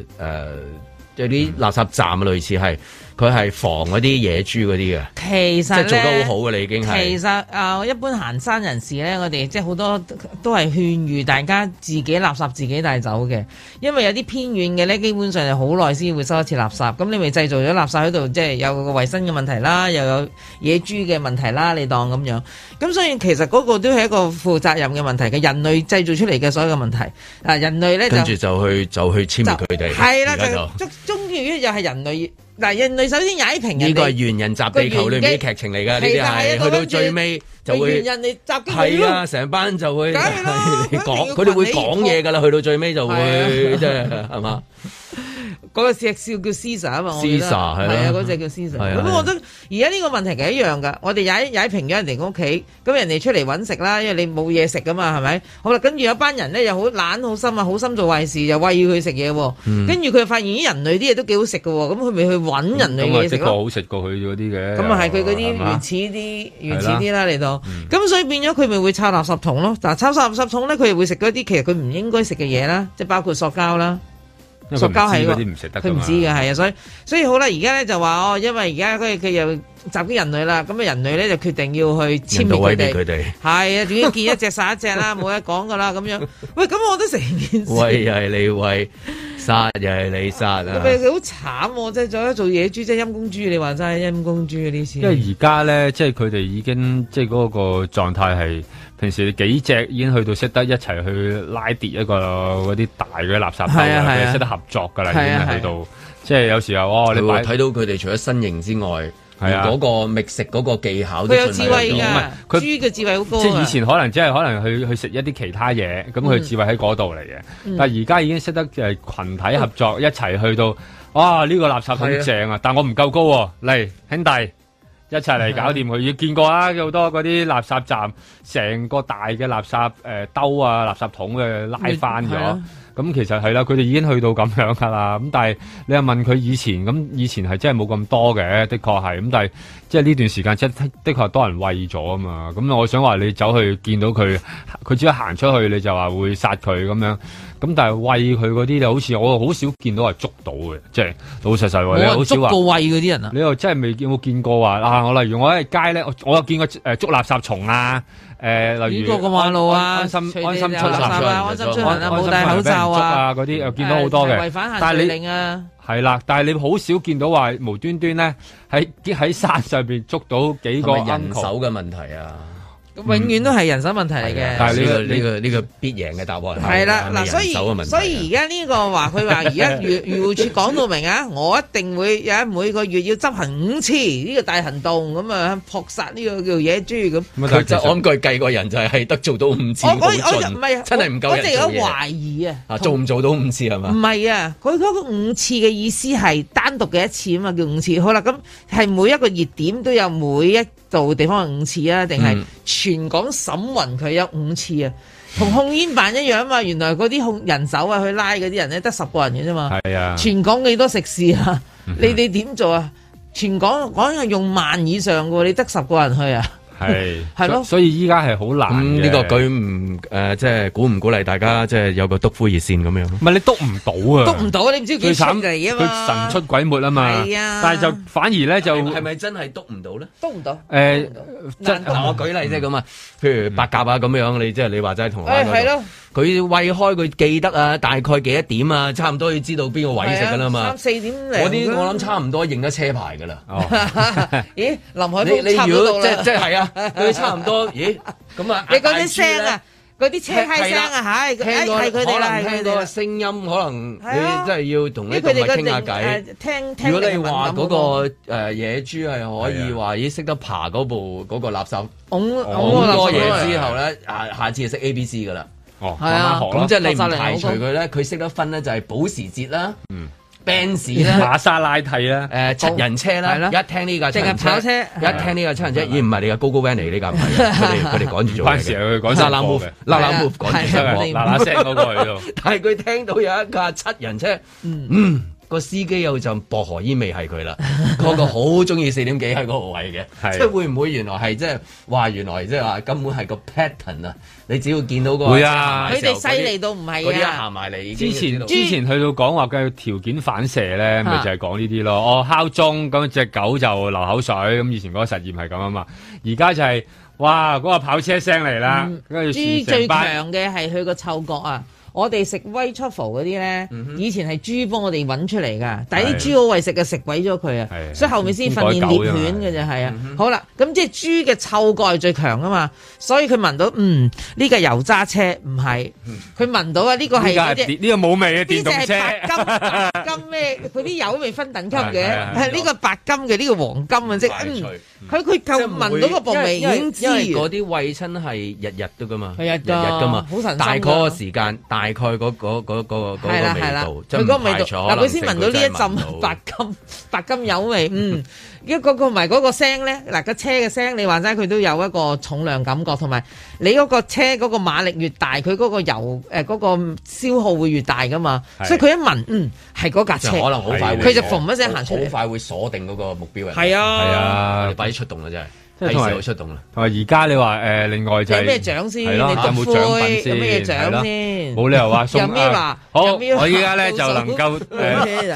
即係啲垃圾站啊，嗯、類似係。佢係防嗰啲野豬嗰啲嘅，其實即做得好好嘅，你已經係。其實誒、呃，一般行山人士咧，我哋即係好多都係勸喻大家自己垃圾自己帶走嘅，因為有啲偏遠嘅咧，基本上係好耐先會收一次垃圾。咁你咪製造咗垃圾喺度，即係有個衛生嘅問題啦，又有野豬嘅問題啦，你當咁樣。咁所以其實嗰個都係一個負責任嘅問題嘅，人類製造出嚟嘅所有問題啊，人類咧跟住就去就去簽佢哋係啦，就終於又係人類。嗱，人類首先踩平人哋，呢個係猿人襲地球裡面嘅劇情嚟噶，呢啲係去到最尾就會，猿人集係啦，成班就會講，佢哋 (laughs) 說會講嘢噶啦，樂去到最尾就會，即係係嘛。 (laughs) 嗰個石獅叫獅子啊嘛，係啊，嗰隻叫獅子。咁我覺得而家呢個問題係一樣噶，我哋踩踩平咗人哋屋企，咁人哋出嚟揾食啦，因為你冇嘢食噶嘛，係咪？好啦，跟住有班人咧又好懶，好心啊，好心做壞事，又餵佢食嘢。跟住佢又發現啲人類啲嘢都幾好食噶，咁佢咪去揾人類嘢食咯。咁啊，的確好食過佢嗰啲嘅。咁啊，係佢嗰啲原始啲、原始啲啦嚟到。咁所以變咗佢咪會拆垃圾桶咯。但係拆垃圾桶咧，佢又會食嗰啲其實佢唔應該食嘅嘢啦，即係包括塑膠啦。塑膠，係啲唔食得，佢唔知噶。係啊，所以所以好啦，而家咧就話哦，因為而家佢佢又襲擊人類啦，咁啊人類咧就決定要去消滅佢哋。係啊，總之見一隻殺一隻啦，冇得講噶啦，咁樣。喂，咁我都成件事。餵又係你餵，殺又係你殺啊。佢好慘喎，即係做一做野豬，即係陰公豬，你話齋陰公豬嗰啲先。因為而家咧，即係佢哋已經即係嗰個狀態係。平時幾隻已經去到識得一齊去拉跌一個嗰啲大嘅垃圾包，識得合作噶啦，已經去到。即係有時候哦，你會睇到佢哋除咗身形之外，係啊嗰個覓食嗰個技巧都有智慧噶，佢豬嘅智慧好高。即係以前可能只係可能去去食一啲其他嘢，咁佢智慧喺嗰度嚟嘅。但係而家已經識得誒群體合作一齊去到，哇！呢個垃圾桶正啊，但我唔夠高嚟，兄弟。一齊嚟搞掂佢，要見過啊！有好多嗰啲垃圾站，成個大嘅垃圾誒、呃、兜啊，垃圾桶嘅拉翻咗。咁、啊嗯、其實係啦、啊，佢哋已經去到咁樣噶啦。咁、嗯、但係你又問佢以前，咁、嗯、以前係真係冇咁多嘅，的確係。咁、嗯、但係即係呢段時間真，即係的確多人餵咗啊嘛。咁、嗯、我想話你走去見到佢，佢只要行出去，你就話會殺佢咁樣。咁但係喂佢嗰啲就好似我好少見到係捉到嘅，即係老實實喂，你好少話。人人啊、你又真係未見冇見過話啊？我例如我喺街咧，我又見過誒捉垃圾蟲啊，誒、呃、例如過馬路啊，安安心啊安心出行啊，安心出行啊，冇戴口罩啊嗰啲，又、啊啊、見到好多嘅。違反限聚令啊，係啦，但係你好少見到話無端端咧喺喺山上邊捉到幾個人手嘅問題啊。嗯、永遠都係人生問題嚟嘅，係呢、這個呢、這個呢、這個必贏嘅答案是。係啦的，嗱、啊，所以所以而家呢個話，佢話而家漁漁護處講到明啊， (laughs) 我一定會啊每個月要執行五次呢、這個大行動，咁啊撲殺呢個叫野豬咁。佢就按句計個人就係得做到五次，我我我唔係啊，真係唔夠人做嘢。我哋有懷疑啊，做唔做到五次係嘛？唔係啊，佢個五次嘅意思係單獨嘅一次啊嘛，叫五次。好啦，咁係每一個熱點都有每一。到地方係五次啊，定係全港審問佢有五次啊，同、嗯、控煙辦一樣嘛。原來嗰啲控人手啊，去拉嗰啲人咧得十個人嘅啫嘛。是啊，啊，全港幾多食肆啊？你哋點做啊？全港講係用萬以上喎，你得十個人去啊。係係咯，所以依家係好難。咁呢個舉唔誒，即係鼓唔鼓勵大家，即係有個督灰熱線咁樣。唔係你督唔到啊，督唔到你唔知幾慘，啊嘛，佢神出鬼沒啊嘛。係啊，但係就反而咧就係咪真係督唔到咧？督唔到誒，即嗱，我舉例即係咁啊，譬如白鴿啊咁樣，你即係你話齋同我係咯，佢喂開佢記得啊，大概幾多點啊，差唔多要知道邊個位食噶啦嘛。三四點我啲我諗差唔多認得車牌噶啦。咦，林海峰差唔多啦。即係啊。佢差唔多，咦？咁啊，你嗰啲聲啊，嗰啲車閪聲啊，係聽到，啦可能聽到聲音，可能你真係要同咧同佢傾下偈。如果你話嗰個誒野豬係可以話已識得爬嗰部嗰個垃圾，好多嘢之後咧，下下次就識 A B C 噶啦。哦，係啊，咁即係你唔排除佢咧，佢識得分咧就係保時捷啦。嗯。Benz 啦，瑪莎拉蒂啦，誒七人車啦，一聽呢架即係跑車，一聽呢架七人車，咦，唔係你嘅 Gogo Van 嚟呢架唔係，佢哋佢哋趕住做，嗰陣時趕沙拉布嘅，趕住嗱嗱聲嗰個嚟咗，但係佢聽到有一架七人車，嗯。個司機有陣薄荷煙味係佢啦，嗰 (laughs) 個好中意四點幾喺個位嘅，的即係會唔會原來係即係哇？原來即係話根本係個 pattern 啊！你只要見到、嗰個會啊，佢哋犀利到唔係啊！行埋嚟。已經之前之前去到講話嘅條件反射咧，咪豬就係講呢啲咯。我敲鐘咁隻狗就流口水，咁以前嗰個實驗係咁啊嘛。而家就係、是、哇嗰、嗰個跑車聲嚟啦，跟住、嗯、最強嘅係佢個嗅覺啊！我哋食威出伏嗰啲咧，以前係豬幫我哋揾出嚟噶，但係啲豬好為食就食鬼咗佢啊，所以後面先訓練獵犬嘅就係啊。好啦，咁即係豬嘅嗅覺最強啊嘛，所以佢聞到嗯呢個油渣車唔係，佢聞到啊呢個係呢個冇味，呢隻係白金，白金咩？佢啲油未分等級嘅，呢個白金嘅呢個黃金即係，嗯，佢佢就聞到個部味，已經知嗰啲餵親係日日都噶嘛，日日噶嘛，好神，大概時間大概嗰、那個嗰嗰嗰個佢嗰、那個那個、味道嗱，佢先聞到呢一陣白金白金油味， (laughs) 嗯，一嗰、那個埋嗰個聲咧，嗱、那個車嘅聲，你話齋佢都有一個重量感覺，同埋你嗰個車嗰個馬力越大，佢嗰個油誒嗰、呃那個消耗會越大噶嘛，是所以佢一聞，嗯，係嗰架車，可能好快佢就嘭一聲行出嚟，好快會鎖、啊、定嗰個目標人，係啊，係、嗯、啊，快啲出動啦真係。即係同埋出動啦，同埋而家你話誒，另外就係咩獎先？你有冇獎品先？咩獎先？冇理由話送 Mirror 好，我依家咧就能夠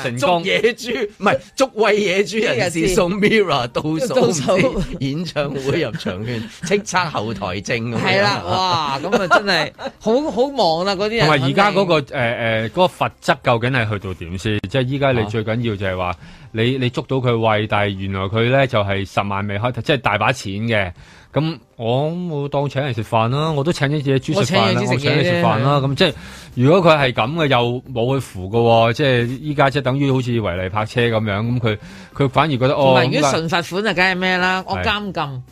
成功。捉野豬唔係捉餵野豬人士送 Mirror 到手啲演唱會入場券、叱咤後台證咁樣。係啦，哇！咁啊真係好好忙啦，嗰啲人。同埋而家嗰個嗰個罰則究竟係去到點先？即係依家你最緊要就係話。你你捉到佢喂，但係原來佢咧就係十萬未開頭，即係大把錢嘅。咁我冇當請人食飯啦，我都請咗自己煮食飯啦，我請你食飯啦。咁即係如果佢係咁嘅，又冇去扶㗎喎。即係依家即係等於好似違例泊車咁樣。咁佢佢反而覺得是哦，如果純罰款就梗係咩啦？我監禁。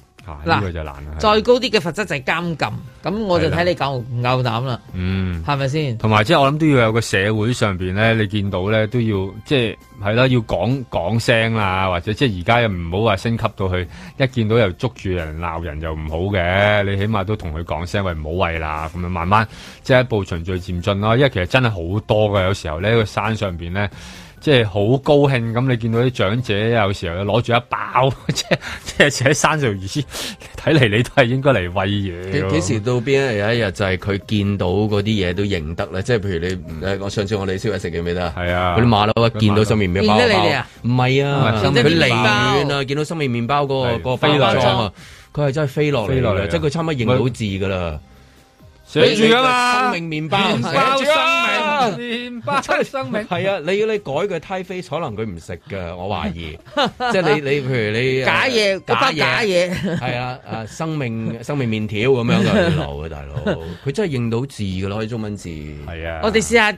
嗱，呢個就難啦。再高啲嘅罰則就係監禁，咁我就睇你夠唔夠膽啦。嗯，係咪先？同埋即係我諗都要有個社會上面咧，你見到咧都要即係係啦，要講講聲啦，或者即係而家又唔好話升級到去，一見到又捉住人鬧人又唔好嘅，你起碼都同佢講聲喂唔好喂啦，咁樣慢慢即係一步循序漸進咯。因為其實真係好多嘅，有時候咧個山上邊咧。即係好高興咁，你見到啲長者有時候攞住一包，即係即係寫生字魚絲，睇嚟你都係應該嚟餵嘢。幾時到邊有一日就係佢見到嗰啲嘢都認得啦。即係譬如你，我上次我哋小姐食完未得啊？係啊。啲馬騮一見到生命麵包，點解你啊？唔係啊，佢離遠啊，見到生命麵包個，個包佢係真係飛落嚟，即係佢差唔多認到字噶啦。寫住㗎嘛，生命麵包。麵包生命，係啊！你要你改佢 type face，可能佢唔食噶，我懷疑。即係你你，譬如你假嘢、假嘢、假嘢，係啊！啊，生命、生命麵條咁樣嘅大佬，佢真係認到字噶咯，喺中文字。係啊，我哋試下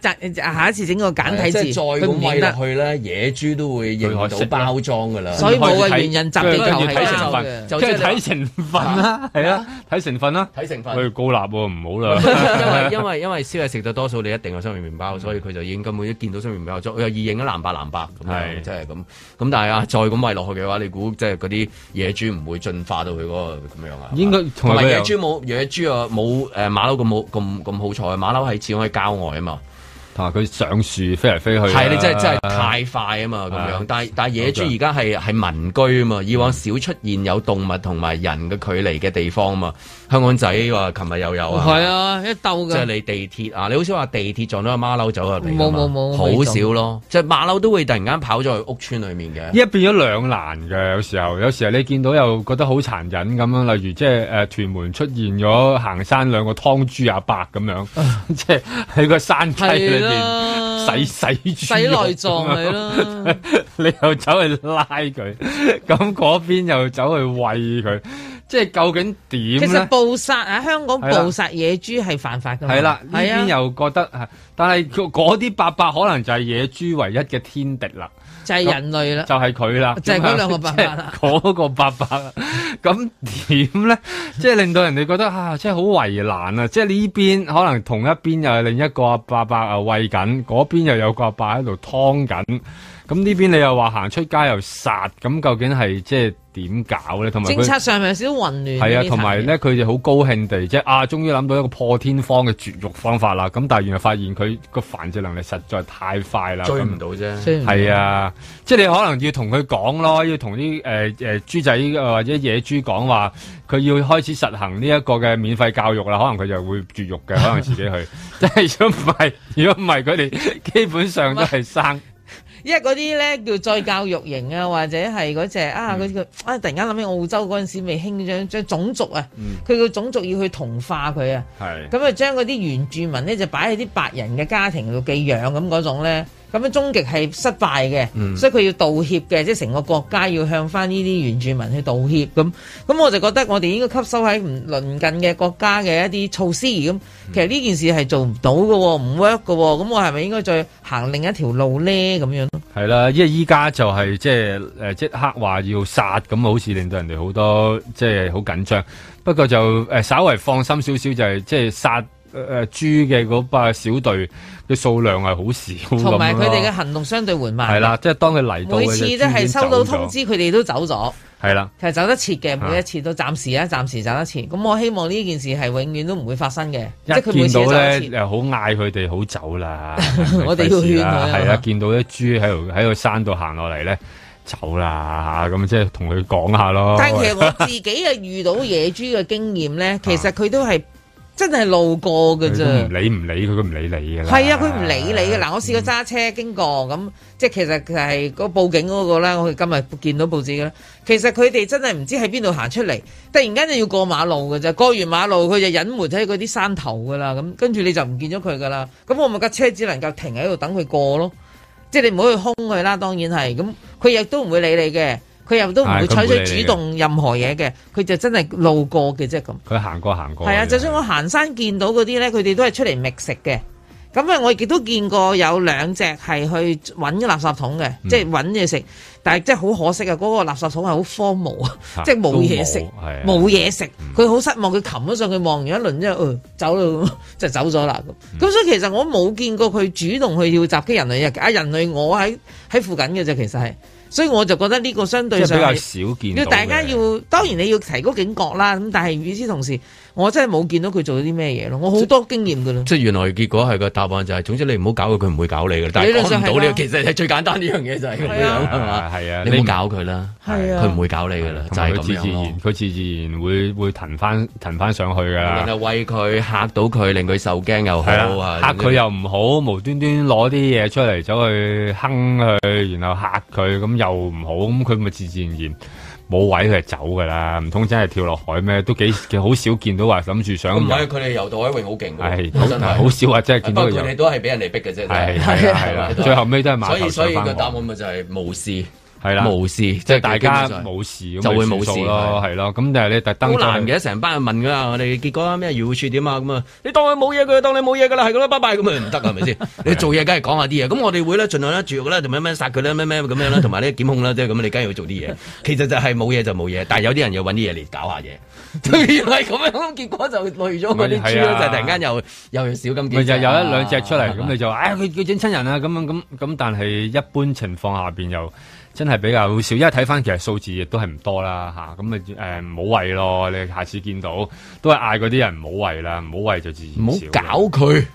下一次整個簡體字，再咁落去咧，野豬都會認到包裝噶啦。所以冇嘅原因就係就睇成分啦，係啊，睇成分啦，睇成分。佢高鈉喎，唔好啦。因為因為因為宵夜食咗多數，你一定係。麵包，所以佢就已經根本一見到雙面麵包，就又耳影啊，藍白藍白咁樣，即係咁。咁但係啊，再咁喂落去嘅話，你估即係嗰啲野豬唔會進化到佢嗰個咁樣、呃、啊？應該同埋野豬冇野豬啊，冇誒馬騮咁好咁咁好彩，馬騮係始終喺郊外啊嘛。同埋佢上樹飛嚟飛去，係你真係真係太快啊嘛咁樣。啊、但係但係野豬而家係係民居啊嘛，以往少出現有動物同埋人嘅距離嘅地方啊嘛。香港仔話，琴日又有啊！係吧啊，一兜嘅。即係你地鐵啊！你好似話地鐵撞到阿馬騮走入嚟，冇冇冇，好少咯。即係馬騮都會突然間跑咗去屋村裏面嘅。依家變咗兩難嘅，有時候有時候你見到又覺得好殘忍咁樣。例如即係誒屯門出現咗行山兩個劏豬阿伯咁 (laughs) 樣，即係喺個山溪裏面啦洗洗豬，洗內臟佢咯， (laughs) 你又走去拉佢，咁嗰 (laughs) 邊又走去餵佢。即係究竟點咧？其實捕殺喺香港捕殺野豬係犯法噶係啦，呢邊又覺得的但係嗰啲伯伯可能就係野豬唯一嘅天敵啦，就係人類啦，就係佢啦，就係嗰兩個伯伯啦，嗰個伯伯啦，咁點咧？即係令到人哋覺得 (laughs) 啊，即係好為難啊！即係呢邊可能同一邊又係另一個阿伯伯啊餵緊，嗰邊又有個伯喺度劏緊。咁呢邊你又話行出街又殺，咁究竟係即係點搞咧？同埋政策上係有少少混亂。係啊的，同埋咧，佢就好高興地即係啊，終於諗到一個破天荒嘅絕育方法啦。咁但係原來發現佢個繁殖能力實在太快啦，追唔到啫。係啊那，即係你可能要同佢講咯，要同啲誒誒豬仔或者野豬講話，佢要開始實行呢一個嘅免費教育啦。可能佢就會絕育嘅， (laughs) 可能自己去。即係如果唔係，如果唔係，佢哋基本上都係生。 (laughs) 因為嗰啲咧叫再教育型啊，或者係嗰隻啊，佢佢、嗯、啊，突然間諗起澳洲嗰陣時，未興咗將種族啊，佢個、嗯、種族要去同化佢啊，咁啊將嗰啲原住民咧就擺喺啲白人嘅家庭度寄養咁嗰種咧。咁樣終極係失敗嘅，所以佢要道歉嘅，即係成個國家要向翻呢啲原住民去道歉咁。咁我就覺得我哋應該吸收喺唔鄰近嘅國家嘅一啲措施。咁其實呢件事係做唔到喎，唔 work 喎。咁我係咪應該再行另一條路咧？咁樣係啦，因為依家就係即係誒即刻話要殺，咁好似令到人哋好多即係好緊張。不過就誒稍為放心少少，就係即係殺。誒，豬嘅嗰班小隊嘅數量係好少，同埋佢哋嘅行動相對緩慢。係啦，即係當佢嚟到，每次都係收到通知，佢哋都走咗。係啦，其實走得切嘅，每一次都暫時啊，暫時走得切。咁我希望呢件事係永遠都唔會發生嘅。即係佢每次都走切。好嗌佢哋好走啦，我哋要勸佢。係啦，見到啲豬喺度喺個山度行落嚟咧，走啦，咁即係同佢講下咯。但係其實我自己啊遇到野豬嘅經驗咧，其實佢都係。真係路過嘅啫，唔理唔理佢都唔理你嘅啦。係啊，佢唔理你嘅。嗱，我試過揸車經過咁，即係其實係個報警嗰個呢。我哋今日見到報紙嘅，其實佢哋真係唔知喺邊度行出嚟，突然間就要過馬路㗎啫。過完馬路佢就隱瞞喺嗰啲山頭噶啦，咁跟住你就唔見咗佢噶啦。咁我咪架車只能夠停喺度等佢過咯，即係你唔好去兇佢啦。當然係，咁佢亦都唔會理你嘅。佢又都唔會採取主動任何嘢嘅，佢就真係路過嘅啫咁。佢行過行過。係啊，就算我行山見到嗰啲咧，佢哋都係出嚟覓食嘅。咁啊，我亦都見過有兩隻係去揾垃圾桶嘅，嗯、即係揾嘢食。但係即係好可惜啊！嗰、那個垃圾桶係好荒蕪啊，即係冇嘢食，冇嘢食。佢好、啊、失望，佢擒咗上去，去望完一輪之後，走咗就走咗啦。咁、嗯、所以其實我冇見過佢主動去要襲擊人類嘅。啊，人類我喺喺附近嘅啫，其實係。所以我就覺得呢個相對上比較少見。要大家要當然你要提高警覺啦，咁但係與此同時，我真係冇見到佢做咗啲咩嘢咯，我好多經驗噶啦。即係原來結果係個答案就係，總之你唔好搞佢，佢唔會搞你噶。啦，理論上係啊，你其實係最簡單呢樣嘢就係，啊。你唔好搞佢啦，佢唔會搞你噶啦，就係咁樣佢自自然，佢自自然會會騰翻騰翻上去噶啦。然後為佢嚇到佢，令佢受驚又好啊。嚇佢又唔好，無端端攞啲嘢出嚟走去哼佢，然後嚇佢，咁又唔好。咁佢咪自自然然。冇位佢係走噶啦，唔通真係跳落海咩？都幾幾好 (laughs) 少見到話諗住想。唔係佢哋游到海泳厲害，哎，好勁，啊，係真係好少話真係見到。不過佢哋都係俾人哋逼嘅啫，係係啦，是真最後尾都係碼頭上返岸。所以所以個答案咪就係冇事。係啦，冇事，即係大家冇事，就會冇事咯，係咯。咁但係你特登好難嘅，成班人問噶啦，我哋結果咩？漁護處點啊？咁啊，你當佢冇嘢，佢當你冇嘢噶啦，係咁啦，拜拜咁啊，唔得係咪先？你做嘢，梗係講下啲嘢。咁我哋會啦，盡量住捉啦，同咩咩殺佢啦，咩咩咁樣啦，同埋咧檢控啦，即係咁你梗係要做啲嘢。其實就係冇嘢就冇嘢，但係有啲人又搵啲嘢嚟搞下嘢。原來咁樣，結果就累咗嗰啲豬，就突然間又又少咁。佢就有一兩隻出嚟，咁你就哎，佢佢整親人啦，咁樣咁咁。但係一般情況下邊又。真係比較少，因為睇翻其實數字亦都係唔多啦嚇，咁咪誒唔好餵咯，你下次見到都係嗌嗰啲人唔好餵啦，唔好餵就自然少。唔好搞佢。